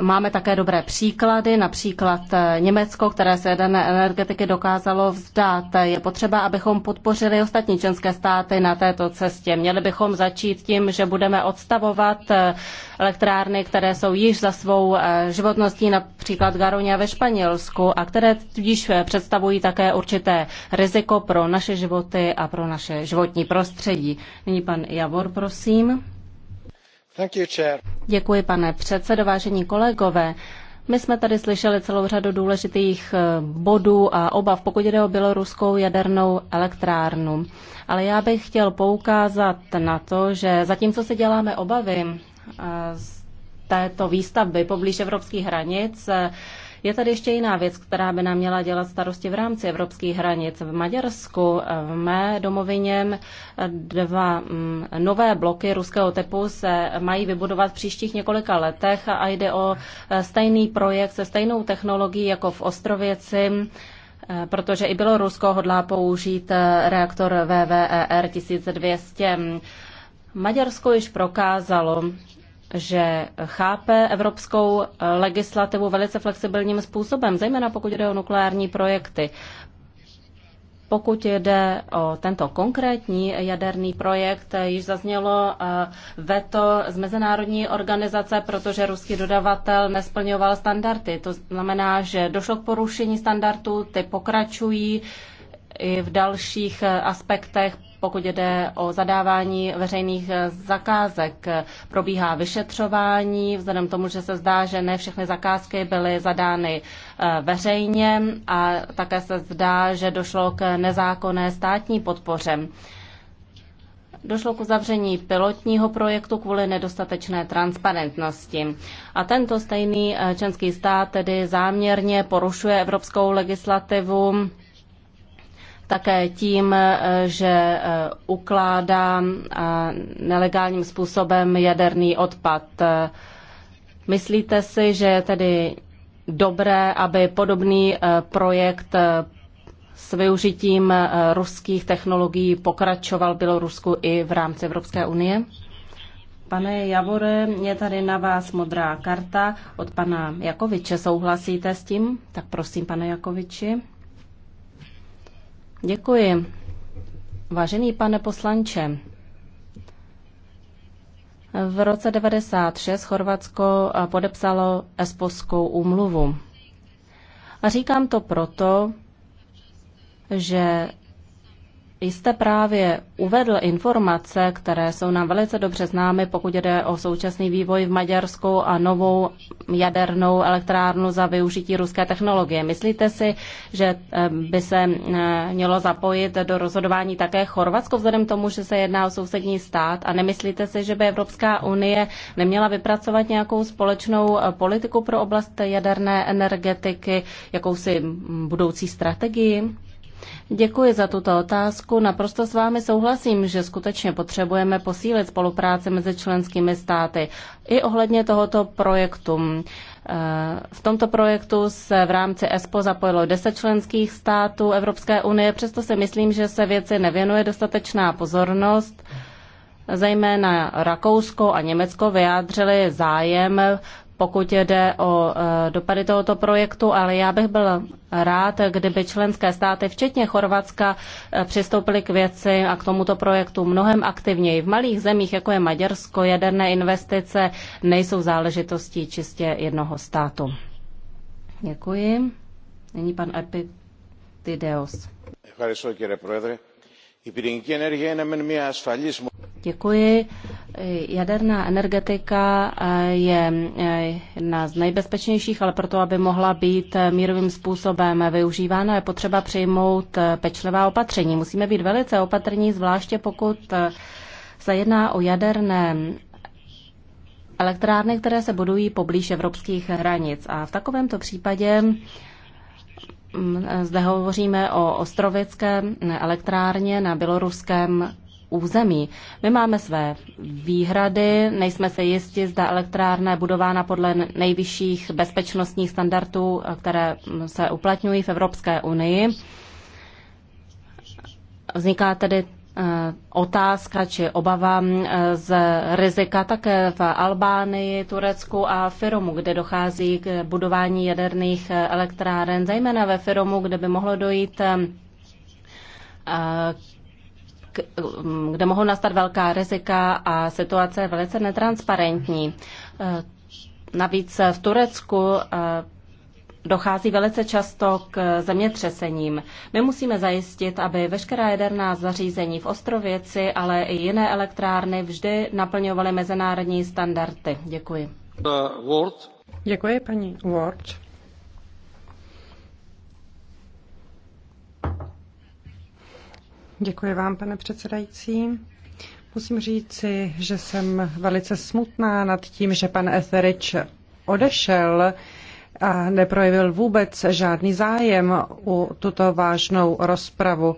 Máme také dobré příklady, například eh, Německo, které se jedné energetiky dokázalo vzdát. Je potřeba, abychom podpořili ostatní členské státy na této cestě. Měli bychom začít tím, že budeme odstavovat eh, elektrárny, které jsou již za svou eh, životností, například Garonia ve Španělsku, a které tudíž představují také určité riziko pro naše životy a pro naše životní prostředí. Nyní pan Javor, prosím. Děkuji, pane předsedo, vážení kolegové. My jsme tady slyšeli celou řadu důležitých eh, bodů a obav, pokud jde o běloruskou jadernou elektrárnu. Ale já bych chtěl poukázat na to, že zatímco si děláme obavy eh, z této výstavby poblíž evropských hranic, je tady ještě jiná věc, která by nám měla dělat starosti v rámci evropských hranic. V Maďarsku, v mé domovině, dva mm, nové bloky ruského typu se mají vybudovat v příštích několika letech a jde o e, stejný projekt se stejnou technologií jako v Ostrověci e, protože i Rusko hodlá použít e, reaktor VVER 1200. Maďarsko již prokázalo, že chápe evropskou eh, legislativu velice flexibilním způsobem, zejména pokud jde o nukleární projekty. Pokud jde o tento konkrétní jaderný projekt, eh, již zaznělo eh, veto z mezinárodní organizace, protože ruský dodavatel nesplňoval standardy. To znamená, že došlo k porušení standardů, ty pokračují i v dalších aspektech pokud jde o zadávání veřejných eh, zakázek. Probíhá vyšetřování, vzhledem tomu, že se zdá, že ne všechny zakázky byly zadány eh, veřejně a také se zdá, že došlo k nezákonné státní podpoře. Došlo k uzavření pilotního projektu kvůli nedostatečné transparentnosti. A tento stejný eh, členský stát tedy záměrně porušuje evropskou legislativu také tím, eh, že eh, ukládá nelegálním způsobem jaderný odpad. Eh, myslíte si, že je tedy dobré, aby podobný projekt s využitím ruských technologií pokračoval Bělorusku i v rámci Evropské unie? Pane Javore, je tady na vás modrá karta od pana Jakoviče. Souhlasíte s tím? Tak prosím, pane Jakoviči. Děkuji. Vážený pane poslanče, v roce 96 Chorvatsko podepsalo Esposkou úmluvu. A říkám to proto, že jste právě uvedl informace, které jsou nám velice dobře známy, pokud jde o současný vývoj v Maďarsku a novou jadernou elektrárnu za využití ruské technologie. Myslíte si, že eh, by se eh, mělo zapojit do rozhodování také Chorvatsko vzhledem tomu, že se jedná o sousední stát? A nemyslíte si, že by Evropská unie neměla vypracovat nějakou společnou eh, politiku pro oblast jaderné energetiky, jakousi budoucí strategii? Děkuji za tuto otázku. Naprosto s vámi souhlasím, že skutečně potřebujeme posílit spolupráci mezi členskými státy i ohledně tohoto projektu. Eh, v tomto projektu se v rámci ESPO zapojilo 10 členských států Evropské unie, přesto si myslím, že se věci nevěnuje dostatečná pozornost. Zejména Rakousko a Německo vyjádřili zájem pokud jde o e, dopady tohoto projektu, ale já bych byl rád, kdyby členské státy, včetně Chorvatska, e, přistoupily k věci a k tomuto projektu mnohem aktivněji. V malých zemích, jako je Maďarsko, jaderné investice nejsou záležitostí čistě jednoho státu. Děkuji. Nyní pan Epitideos. Děkuji, Děkuji. Jaderná energetika eh, je eh, jedna z nejbezpečnějších, ale proto, aby mohla být eh, mírovým způsobem využívána, je potřeba přijmout pečlivá opatření. Musíme být velice opatrní, zvláště pokud se jedná o jaderné elektrárny, které se budují poblíž evropských hranic. A v takovémto případě Mm, zde hovoříme o ostrovické elektrárně na běloruském území. My máme své výhrady, nejsme se jisti, zda elektrárna je budována podle nejvyšších bezpečnostních standardů, které se uplatňují v Evropské unii. Vzniká tedy otázka či obava z rizika také v Albánii, Turecku a Firomu, kde dochází k budování jaderných elektráren, zejména ve Firomu, kde by mohlo dojít kde mohou nastat velká rizika a situace je velice netransparentní. E, navíc v Turecku e, dochází velice často k zemětřesením. My musíme zajistit, aby veškerá jaderná zařízení v Ostrověci, ale i jiné elektrárny vždy naplňovaly mezinárodní standardy. Děkuji. Uh, Děkuji, paní Ward. Děkuji vám, pane předsedající. Musím říci, že jsem velice smutná nad tím, že pan Etherich odešel a neprojevil vůbec žádný zájem u tuto vážnou rozpravu.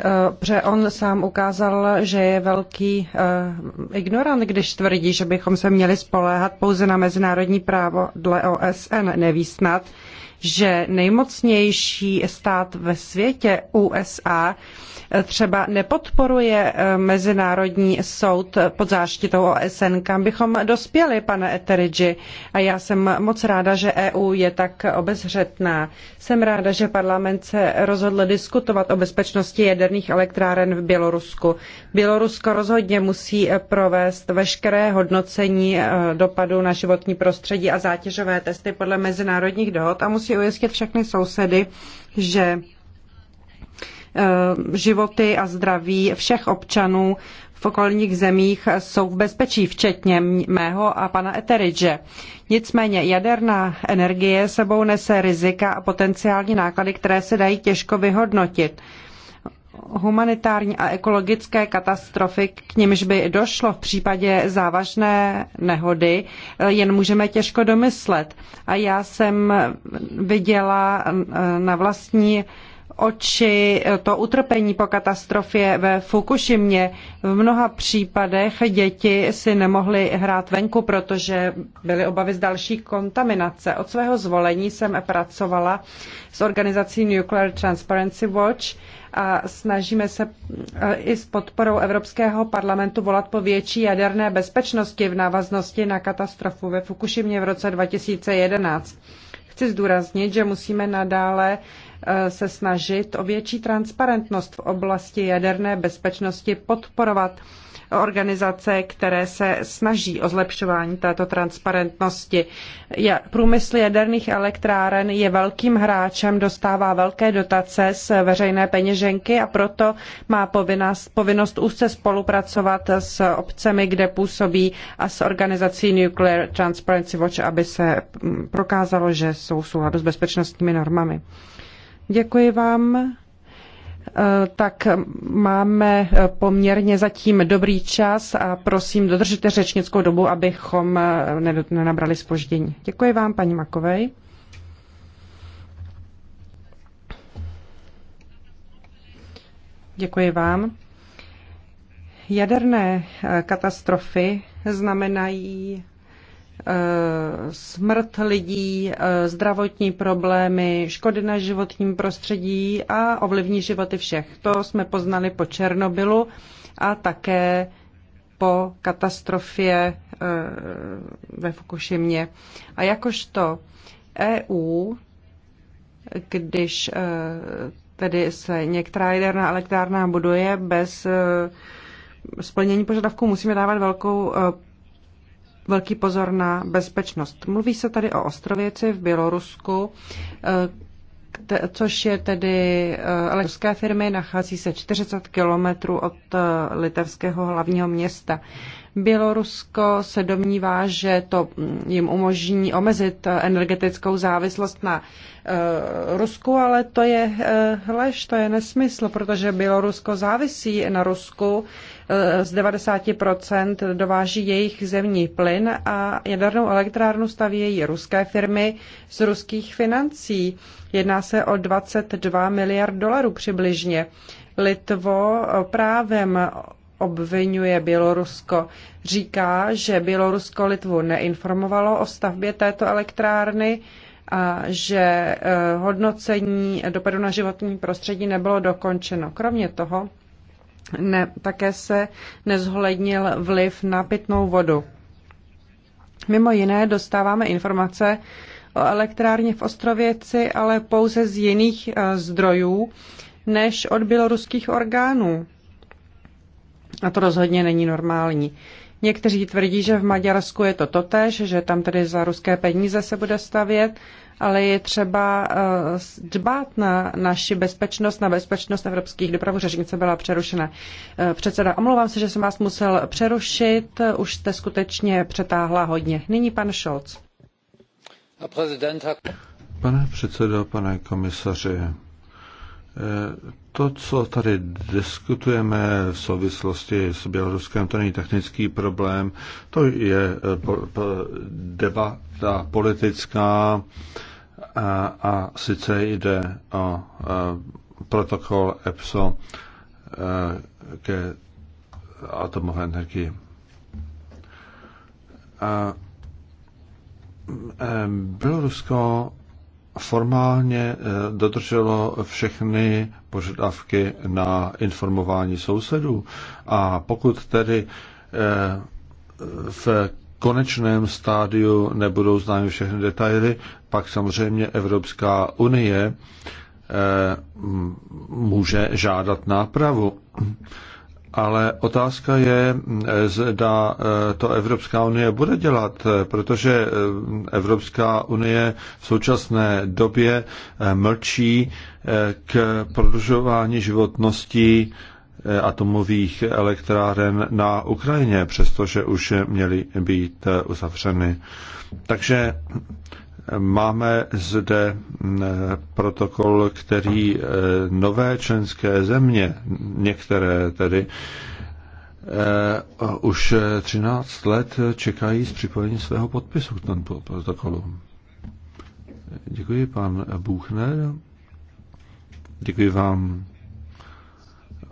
E, protože on sám ukázal, že je velký e, ignorant, když tvrdí, že bychom se měli spoléhat pouze na mezinárodní právo dle OSN. Neví snad, že nejmocnější stát ve světě USA třeba nepodporuje eh, Mezinárodní soud pod záštitou OSN, kam bychom dospěli, pane Eteridži. A já jsem moc ráda, že EU je tak obezřetná. Jsem ráda, že parlament se rozhodl diskutovat o bezpečnosti jaderných elektráren v Bělorusku. Bělorusko rozhodně musí eh, provést veškeré hodnocení eh, dopadu na životní prostředí a zátěžové testy podle mezinárodních dohod a musí si ujistit všechny sousedy, že eh, životy a zdraví všech občanů v okolních zemích jsou v bezpečí, včetně mého a pana Eteridže. Nicméně jaderná energie sebou nese rizika a potenciální náklady, které se dají těžko vyhodnotit humanitární a ekologické katastrofy, k nimž by došlo v případě závažné nehody, jen můžeme těžko domyslet. A já jsem viděla na vlastní oči to utrpení po katastrofě ve Fukušimě. V mnoha případech děti si nemohly hrát venku, protože byly obavy z další kontaminace. Od svého zvolení jsem pracovala s organizací Nuclear Transparency Watch, a snažíme se e, i s podporou Evropského parlamentu volat po větší jaderné bezpečnosti v návaznosti na katastrofu ve Fukušimě v roce 2011. Chci zdůraznit, že musíme nadále e, se snažit o větší transparentnost v oblasti jaderné bezpečnosti podporovat organizace, které se snaží o zlepšování této transparentnosti. Je, průmysl jaderných elektráren je velkým hráčem, dostává velké dotace z veřejné peněženky a proto má povinnost, povinnost úzce spolupracovat s obcemi, kde působí a s organizací Nuclear Transparency Watch, aby se prokázalo, že jsou v souladu s bezpečnostními normami. Děkuji vám. Eh, tak máme eh, poměrně zatím dobrý čas a prosím, dodržte řečnickou dobu, abychom eh, nenabrali spoždění. Děkuji vám, paní Makovej. Děkuji vám. Jaderné katastrofy znamenají Eh, smrt lidí, eh, zdravotní problémy, škody na životním prostředí a ovlivní životy všech. To jsme poznali po Černobylu a také po katastrofě eh, ve Fukušimě. A jakožto EU, když tedy se některá jaderná elektrárna buduje bez splnění požadavků, musíme dávat velkou velký pozor na bezpečnost. Mluví se tady o Ostrověci v Bělorusku, eh, což je tedy eh, elektrické firmy, nachází se 40 kilometrů od eh, litevského hlavního města. Bělorusko se domnívá, že to jim umožní omezit eh, energetickou závislost na eh, Rusku, ale to je eh, lež, to je nesmysl, protože Bělorusko závisí na Rusku. Z 90% dováží jejich zemní plyn a jadernou elektrárnu stavějí ruské firmy z ruských financí. Jedná se o 22 miliard dolarů přibližně. Litvo právem obvinuje Bělorusko. Říká, že Bělorusko Litvu neinformovalo o stavbě této elektrárny a že eh, hodnocení dopadu na životní prostředí nebylo dokončeno. Kromě toho ne, také se nezhlednil vliv na pitnou vodu. Mimo jiné dostáváme informace o elektrárně v Ostrověci, ale pouze z jiných eh, zdrojů než od běloruských orgánů. A to rozhodně není normální. Někteří tvrdí, že v Maďarsku je to totéž, že tam tedy za ruské peníze se bude stavět, ale je třeba uh, dbát na naši bezpečnost, na bezpečnost evropských dopravů. Řežnice byla přerušena. Uh, předseda, omlouvám se, že jsem vás musel přerušit, eh, už jste skutečně přetáhla hodně. Nyní pan Scholz. Pane předsedo, pane komisaři, to, co tady diskutujeme v souvislosti s Běloruskem, to není technický problém, to je debata politická a, a sice jde o e, protokol EPSO e, ke atomové energii. A e, Bělorusko formálně eh, dodrželo všechny požadavky na informování sousedů. A pokud tedy eh, v konečném stádiu nebudou známy všechny detaily, pak samozřejmě Evropská unie eh, může žádat nápravu. Ale otázka je, zda eh, to Evropská unie bude dělat, eh, protože eh, Evropská unie v současné době mlčí k prodlužování životnosti atomových elektráren na Ukrajině, přestože už měly být uzavřeny. Takže Máme zde mm, protokol, který e, nové členské země, některé tedy, e, už 13 let čekají s připojením svého podpisu k tomu protokolu. Děkuji, pan Buchner. Děkuji vám.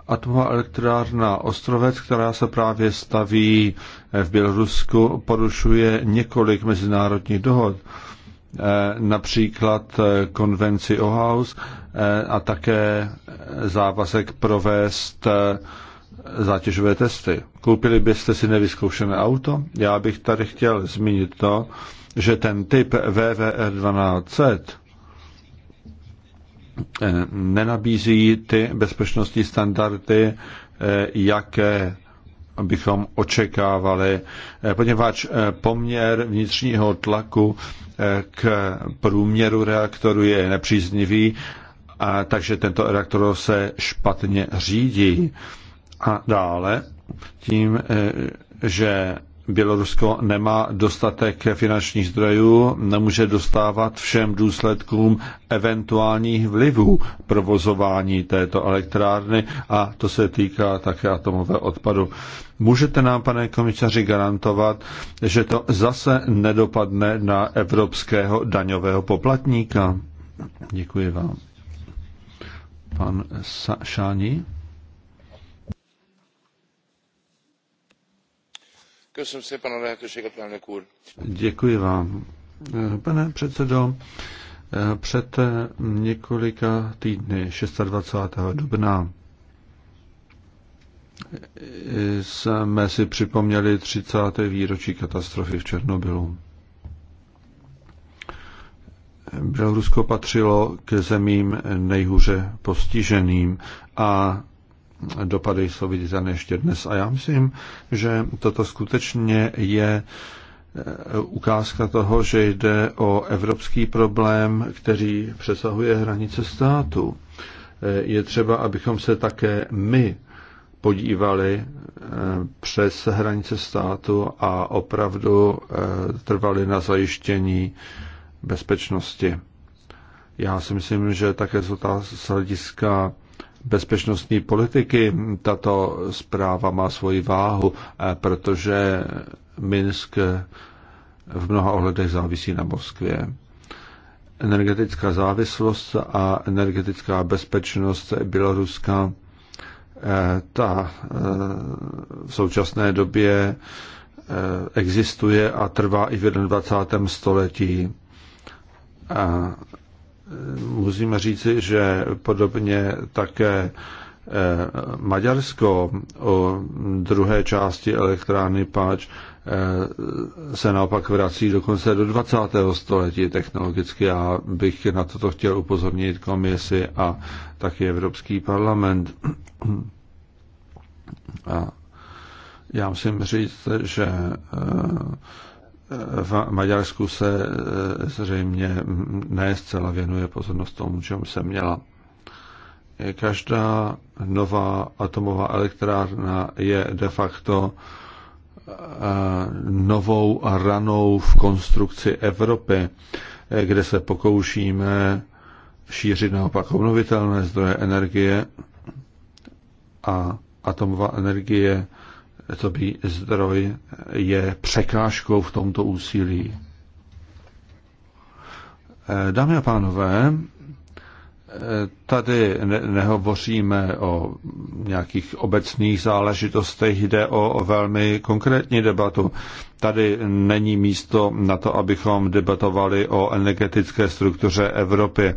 Atomová elektrárna Ostrovec, která se právě staví v Bělorusku, porušuje několik mezinárodních dohod. Eh, například eh, konvenci OHAUS eh, a také závazek provést zátěžové testy. Koupili byste si nevyzkoušené auto? Já bych tady chtěl zmínit to, že ten typ VVR 1200 nenabízí ty bezpečnostní standardy, jaké bychom očekávali, eh, poněvadž eh, poměr vnitřního tlaku eh, k průměru reaktoru je nepříznivý, a takže tento reaktor se špatně řídí. A dále tím, že Bělorusko nemá dostatek finančních zdrojů, nemůže dostávat všem důsledkům eventuálních vlivů provozování této elektrárny a to se týká také atomového odpadu. Můžete nám, pane komisaři, garantovat, že to zase nedopadne na evropského daňového poplatníka? Děkuji vám. Pan Sa- Děkuji vám. Eh, pane předsedo, eh, před eh, několika týdny, 26. dubna, jsme si připomněli 30. výročí katastrofy v Černobylu. Bělorusko patřilo k zemím nejhůře postiženým a dopady jsou viditelné ještě dnes. A já myslím, že toto skutečně je eh, ukázka toho, že jde o evropský problém, který přesahuje hranice státu. Eh, je třeba, abychom se také my podívali eh, přes hranice státu a opravdu trvali na zajištění bezpečnosti. Já si myslím, že také z, otáz- z hlediska bezpečnostní politiky tato zpráva má svoji váhu, eh, protože Minsk eh, v mnoha ohledech závisí na Moskvě. Energetická závislost a energetická bezpečnost Běloruska eh, ta v současné době existuje a trvá i v 21. století musíme říci, že podobně také eh, Maďarsko o druhé části elektrárny Páč eh, se naopak vrací dokonce do 20. století technologicky. Já bych na toto chtěl upozornit komisi a taky Evropský parlament. A já musím říct, že eh, v Maďarsku se eh, zřejmě ne zcela věnuje pozornost tomu, čemu se měla. Každá nová atomová elektrárna je de facto eh, novou ranou v konstrukci Evropy, eh, kde se pokoušíme šířit naopak obnovitelné zdroje energie a atomová energie to by zdroj je překážkou v tomto úsilí. Eh, dámy a pánové, eh, tady nehovoříme o nějakých obecných záležitostech, jde o, velmi konkrétní debatu. Tady není místo na to, abychom debatovali o energetické struktuře Evropy.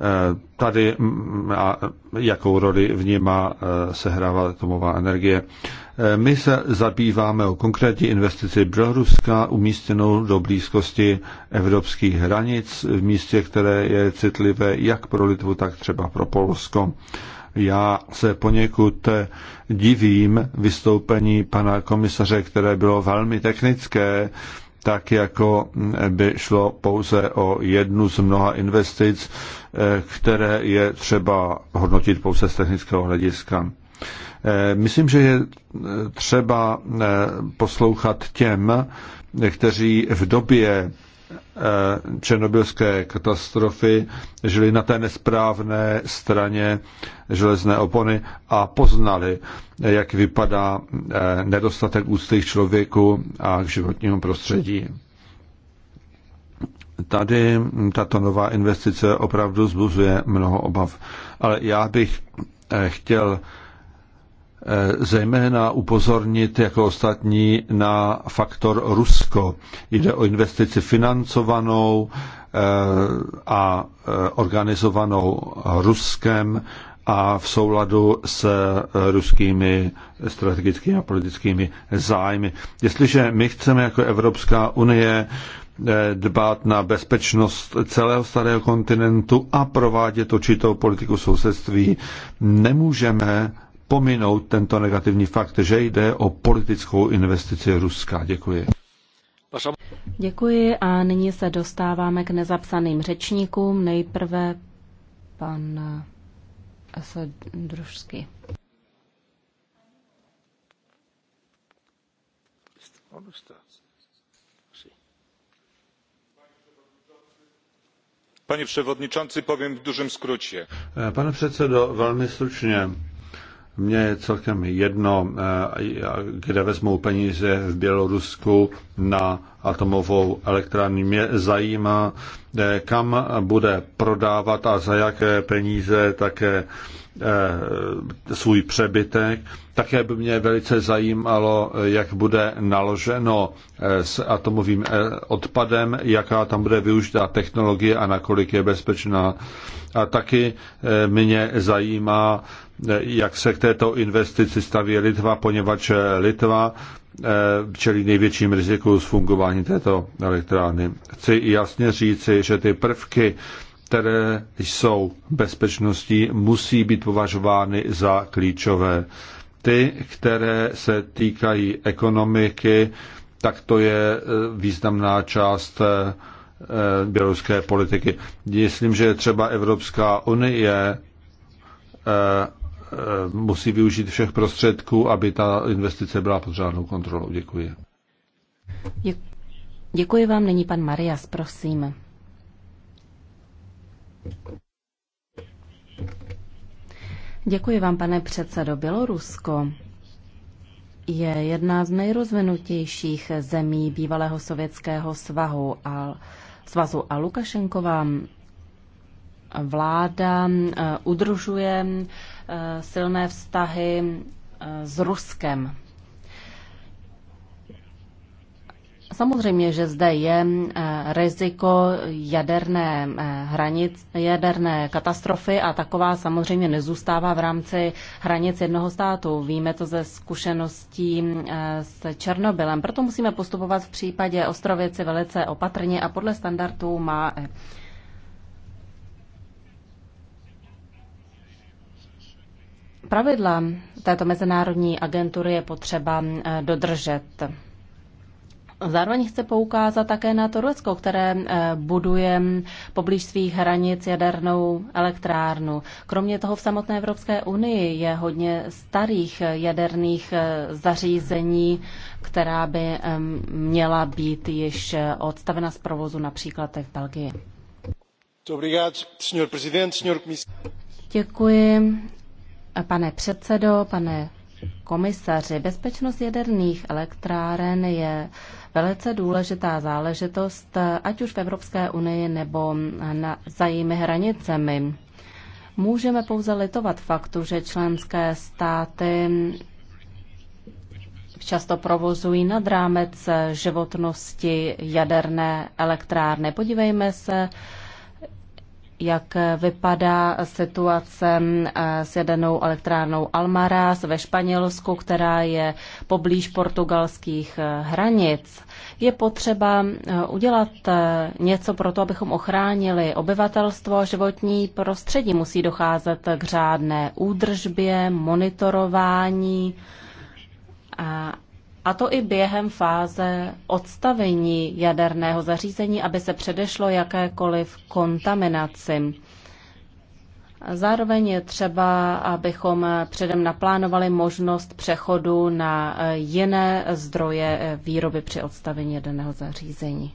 Eh, tady mm, a jakou roli v ní má eh, sehrává atomová energie. Eh, my se zabýváme o konkrétní investici Běloruska umístěnou do blízkosti evropských hranic v místě, které je citlivé jak pro Litvu, tak třeba pro Polsko. Já se poněkud divím vystoupení pana komisaře, které bylo velmi technické, tak jako by šlo pouze o jednu z mnoha investic, eh, které je třeba hodnotit pouze z technického hlediska. Eh, myslím, že je eh, třeba poslouchat těm, kteří v době Eh, černobylské katastrofy žili na té nesprávné straně železné opony a poznali, jak vypadá eh, nedostatek úcty k člověku a k životnímu prostředí. Tady tato nová investice opravdu zbuzuje mnoho obav. Ale já bych eh, chtěl Eh, zejména upozornit jako ostatní na faktor Rusko. Jde o investici financovanou eh, a eh, organizovanou Ruskem a v souladu s ruskými strategickými a politickými zájmy. Jestliže my chceme jako Evropská unie dbát na bezpečnost celého starého kontinentu a provádět určitou politiku sousedství, nemůžeme pominout tento negativní fakt, že jde o politickou investici Ruska. Děkuji. Děkuji a nyní se dostáváme k nezapsaným řečníkům. Nejprve pan Asadružský. Eh, Panie przewodniczący, powiem w dużym skrócie. Eh, pane předsedo, velmi stručně. Mně je celkem jedno, eh, kde vezmou peníze v Bělorusku na atomovou elektrárnu. Mě zajímá, eh, kam bude prodávat a za jaké peníze také eh, svůj přebytek. Také by mě velice zajímalo, jak bude naloženo s atomovým odpadem, jaká tam bude využitá technologie a nakolik je bezpečná. A taky mě zajímá, jak se k této investici staví Litva, poněvadž Litva eh, čelí největším riziku z fungování této elektrárny. Chci jasně říci, že ty prvky, které jsou bezpečností, musí být považovány za klíčové. Ty, které se týkají ekonomiky, tak to je eh, významná část eh, běloruské politiky. Myslím, že třeba Evropská unie Eh, musí využít všech prostředků, aby ta investice byla pod řádnou kontrolou. Děkuji. Děkuji vám. Nyní pan Marias, prosím. Děkuji vám, pane předsedo. Bělorusko je jedna z nejrozvinutějších zemí bývalého sovětského svahu a svazu a vám vláda eh, udržuje eh, silné vztahy eh, s Ruskem. Samozřejmě, že zde je riziko jaderné hranic, jaderné katastrofy a taková samozřejmě nezůstává v rámci hranic jednoho státu. Víme to ze zkušeností s Černobylem. Proto musíme postupovat v případě Ostrověci velice opatrně a podle standardů má Pravidla této mezinárodní agentury je potřeba eh, dodržet. Zároveň chce poukázat také na Turecko, které eh, buduje poblíž svých hranic jadernou elektrárnu. Kromě toho v samotné Evropské unii je hodně starých eh, jaderných zařízení, která by měla být již odstavena z provozu například v Belgii. Děkuji, Pane předsedo, pane komisaři, bezpečnost jaderných elektráren je velice důležitá záležitost, ať už v Evropské unii nebo na, za jejími hranicemi. Můžeme pouze litovat faktu, že členské státy často provozují nad rámec životnosti jaderné elektrárny. Podívejme se jak vypadá situace eh, s jadernou elektrárnou Almaraz ve Španělsku, která je poblíž portugalských eh, hranic. Je potřeba eh, udělat něco pro to, abychom ochránili obyvatelstvo a životní prostředí. Musí docházet k řádné údržbě, monitorování a a to i během fáze odstavení jaderného zařízení, aby se předešlo jakékoliv kontaminaci. Zároveň je třeba, abychom předem naplánovali možnost přechodu na jiné zdroje výroby při odstavení jaderného zařízení.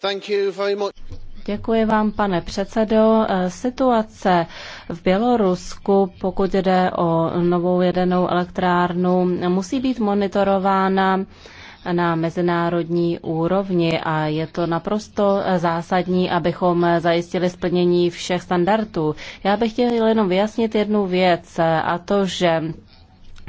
Thank you very much. Děkuji vám, pane předsedo. Eh, situace v Bělorusku, pokud jde o novou jedenou elektrárnu, musí být monitorována na mezinárodní úrovni a je to naprosto eh, zásadní, abychom eh, zajistili splnění všech standardů. Já bych chtěl jenom vyjasnit jednu věc a to, že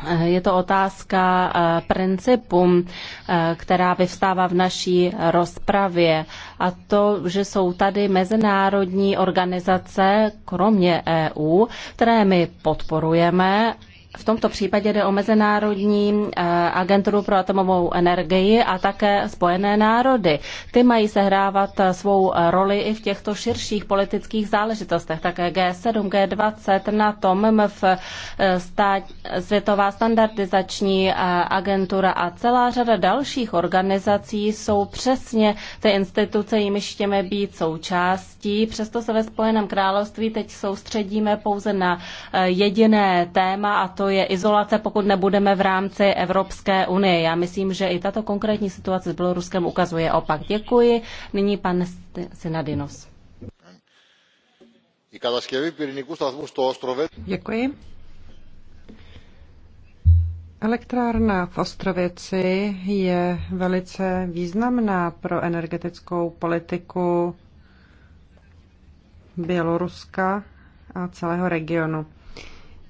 je to otázka eh, principu, eh, která vyvstává v naší rozpravě a to, že jsou tady mezinárodní organizace, kromě EU, které my podporujeme v tomto případě jde o Mezinárodní eh, agenturu pro atomovou energii a také Spojené národy. Ty mají sehrávat svou roli i v těchto širších politických záležitostech, také G7, G20, NATO, MMF, eh, stát, Světová standardizační eh, agentura a celá řada dalších organizací jsou přesně ty instituce, jimiž štěme být součástí. Přesto se ve Spojeném království teď soustředíme pouze na jediné téma a to to je izolace, pokud nebudeme v rámci Evropské unie. Já myslím, že i tato konkrétní situace s Běloruskem ukazuje opak. Děkuji. Nyní pan Synadinos. Děkuji. Elektrárna v Ostrověci je velice významná pro energetickou politiku Běloruska a celého regionu.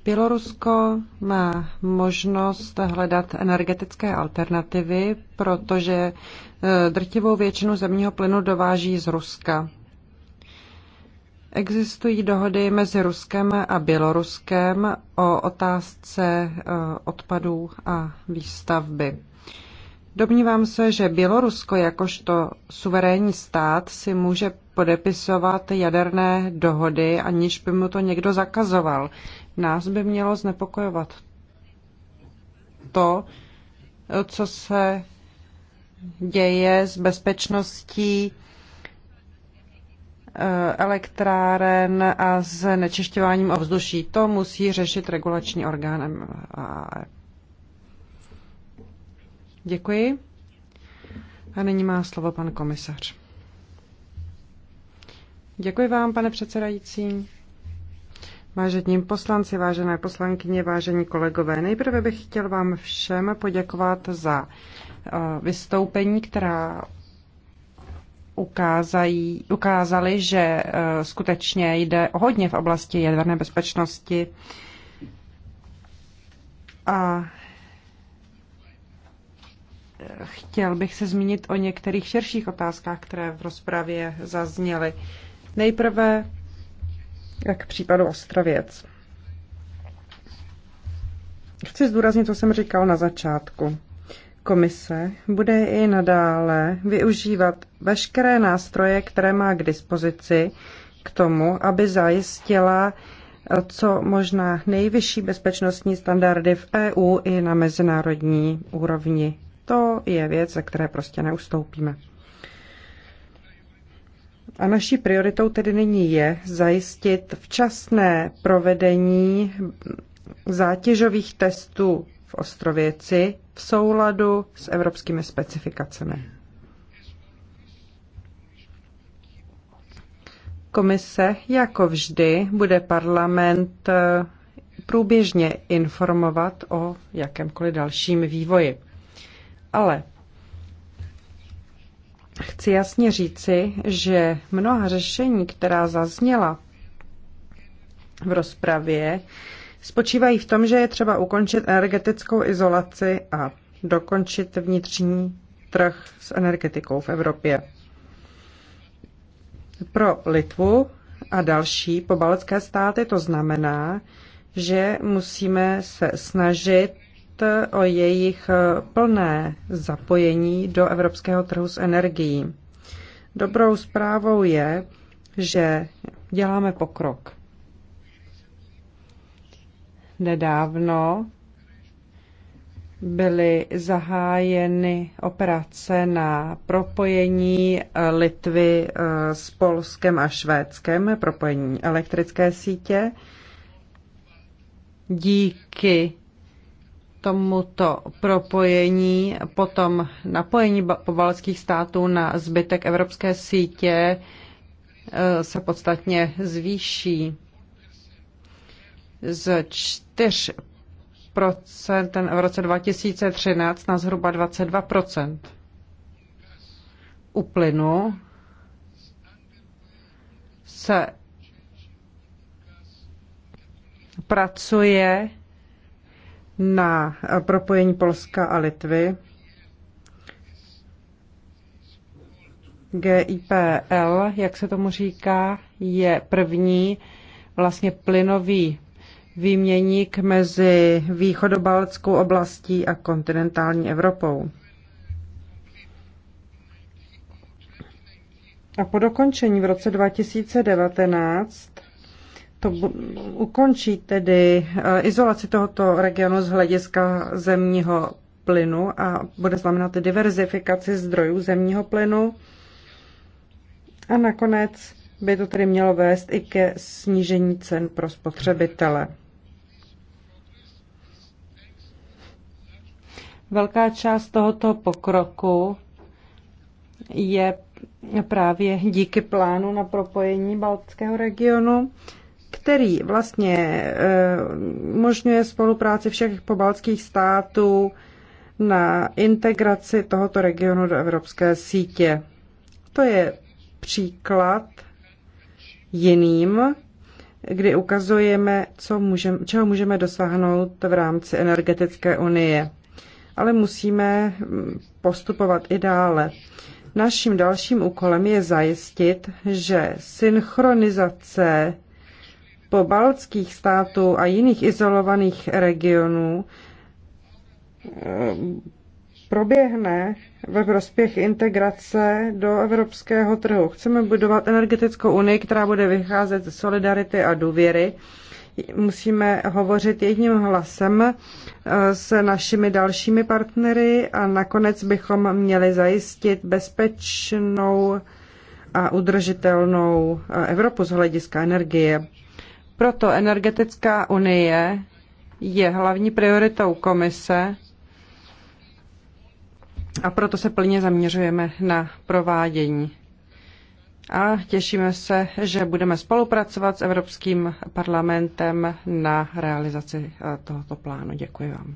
Bělorusko má možnost hledat energetické alternativy, protože e, drtivou většinu zemního plynu dováží z Ruska. Existují dohody mezi Ruskem a Běloruskem o otázce e, odpadů a výstavby. Domnívám se, že Bělorusko jakožto suverénní stát si může podepisovat jaderné dohody, aniž by mu to někdo zakazoval. Nás by mělo znepokojovat to, co se děje s bezpečností eh, elektráren a s nečišťováním ovzduší. To musí řešit regulační orgán. E. Děkuji. A nyní má slovo pan komisař. Děkuji vám, pane předsedající. Vážení poslanci, vážené poslankyně, vážení kolegové, nejprve bych chtěl vám všem poděkovat za eh, vystoupení, která ukázají, ukázali, že eh, skutečně jde hodně v oblasti jaderné bezpečnosti. A chtěl bych se zmínit o některých širších otázkách, které v rozpravě zazněly. Nejprve k případu Ostravěc. Chci zdůraznit, co jsem říkal na začátku. Komise bude i nadále využívat veškeré nástroje, které má k dispozici k tomu, aby zajistila eh, co možná nejvyšší bezpečnostní standardy v EU i na mezinárodní úrovni. To je věc, ze které prostě neustoupíme. A naší prioritou tedy nyní je zajistit včasné provedení zátěžových testů v Ostrověci v souladu s evropskými specifikacemi. Komise, jako vždy, bude parlament eh, průběžně informovat o jakémkoliv dalším vývoji. Ale chci jasně říci, že mnoha řešení, která zazněla v rozpravě, spočívají v tom, že je třeba ukončit energetickou izolaci a dokončit vnitřní trh s energetikou v Evropě. Pro Litvu a další pobalecké státy to znamená, že musíme se snažit o jejich eh, plné zapojení do evropského trhu s energií. Dobrou zprávou je, že děláme pokrok. Nedávno byly zahájeny operace na propojení eh, Litvy eh, s Polskem a Švédskem, propojení elektrické sítě. Díky tomuto propojení, potom napojení pobaltských států na zbytek evropské sítě e, se podstatně zvýší. Z 4 v roce 2013 na zhruba 22 U plynu se pracuje na propojení Polska a Litvy. GIPL, jak se tomu říká, je první vlastně plynový výměník mezi východobaltskou oblastí a kontinentální Evropou. A po dokončení v roce 2019 to ukončí tedy eh, izolaci tohoto regionu z hlediska zemního plynu a bude znamenat diverzifikaci zdrojů zemního plynu. A nakonec by to tedy mělo vést i ke snížení cen pro spotřebitele. Velká část tohoto pokroku je právě díky plánu na propojení Baltského regionu který vlastně eh, umožňuje spolupráci všech pobaltských států na integraci tohoto regionu do evropské sítě. To je příklad jiným, kdy ukazujeme, co můžeme, čeho můžeme dosáhnout v rámci energetické unie. Ale musíme hm, postupovat i dále. Naším dalším úkolem je zajistit, že synchronizace po baltských států a jiných izolovaných regionů eh, proběhne ve prospěch integrace do evropského trhu. Chceme budovat energetickou unii, která bude vycházet z solidarity a důvěry. Musíme hovořit jedním hlasem eh, s našimi dalšími partnery a nakonec bychom měli zajistit bezpečnou a udržitelnou eh, Evropu z hlediska energie. Proto energetická unie je hlavní prioritou komise a proto se plně zaměřujeme na provádění. A těšíme se, že budeme spolupracovat s Evropským parlamentem na realizaci eh, tohoto plánu. Děkuji vám.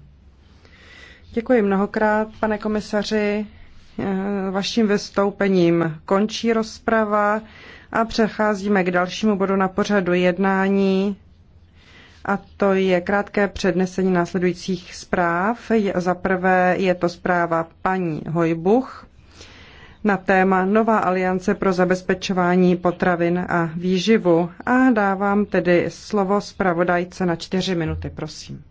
Děkuji mnohokrát, pane komisaři. Eh, vaším vystoupením končí rozprava. A přecházíme k dalšímu bodu na pořadu jednání. A to je krátké přednesení následujících zpráv. Za prvé je to zpráva paní Hojbuch na téma Nová aliance pro zabezpečování potravin a výživu. A dávám tedy slovo zpravodajce na čtyři minuty, prosím.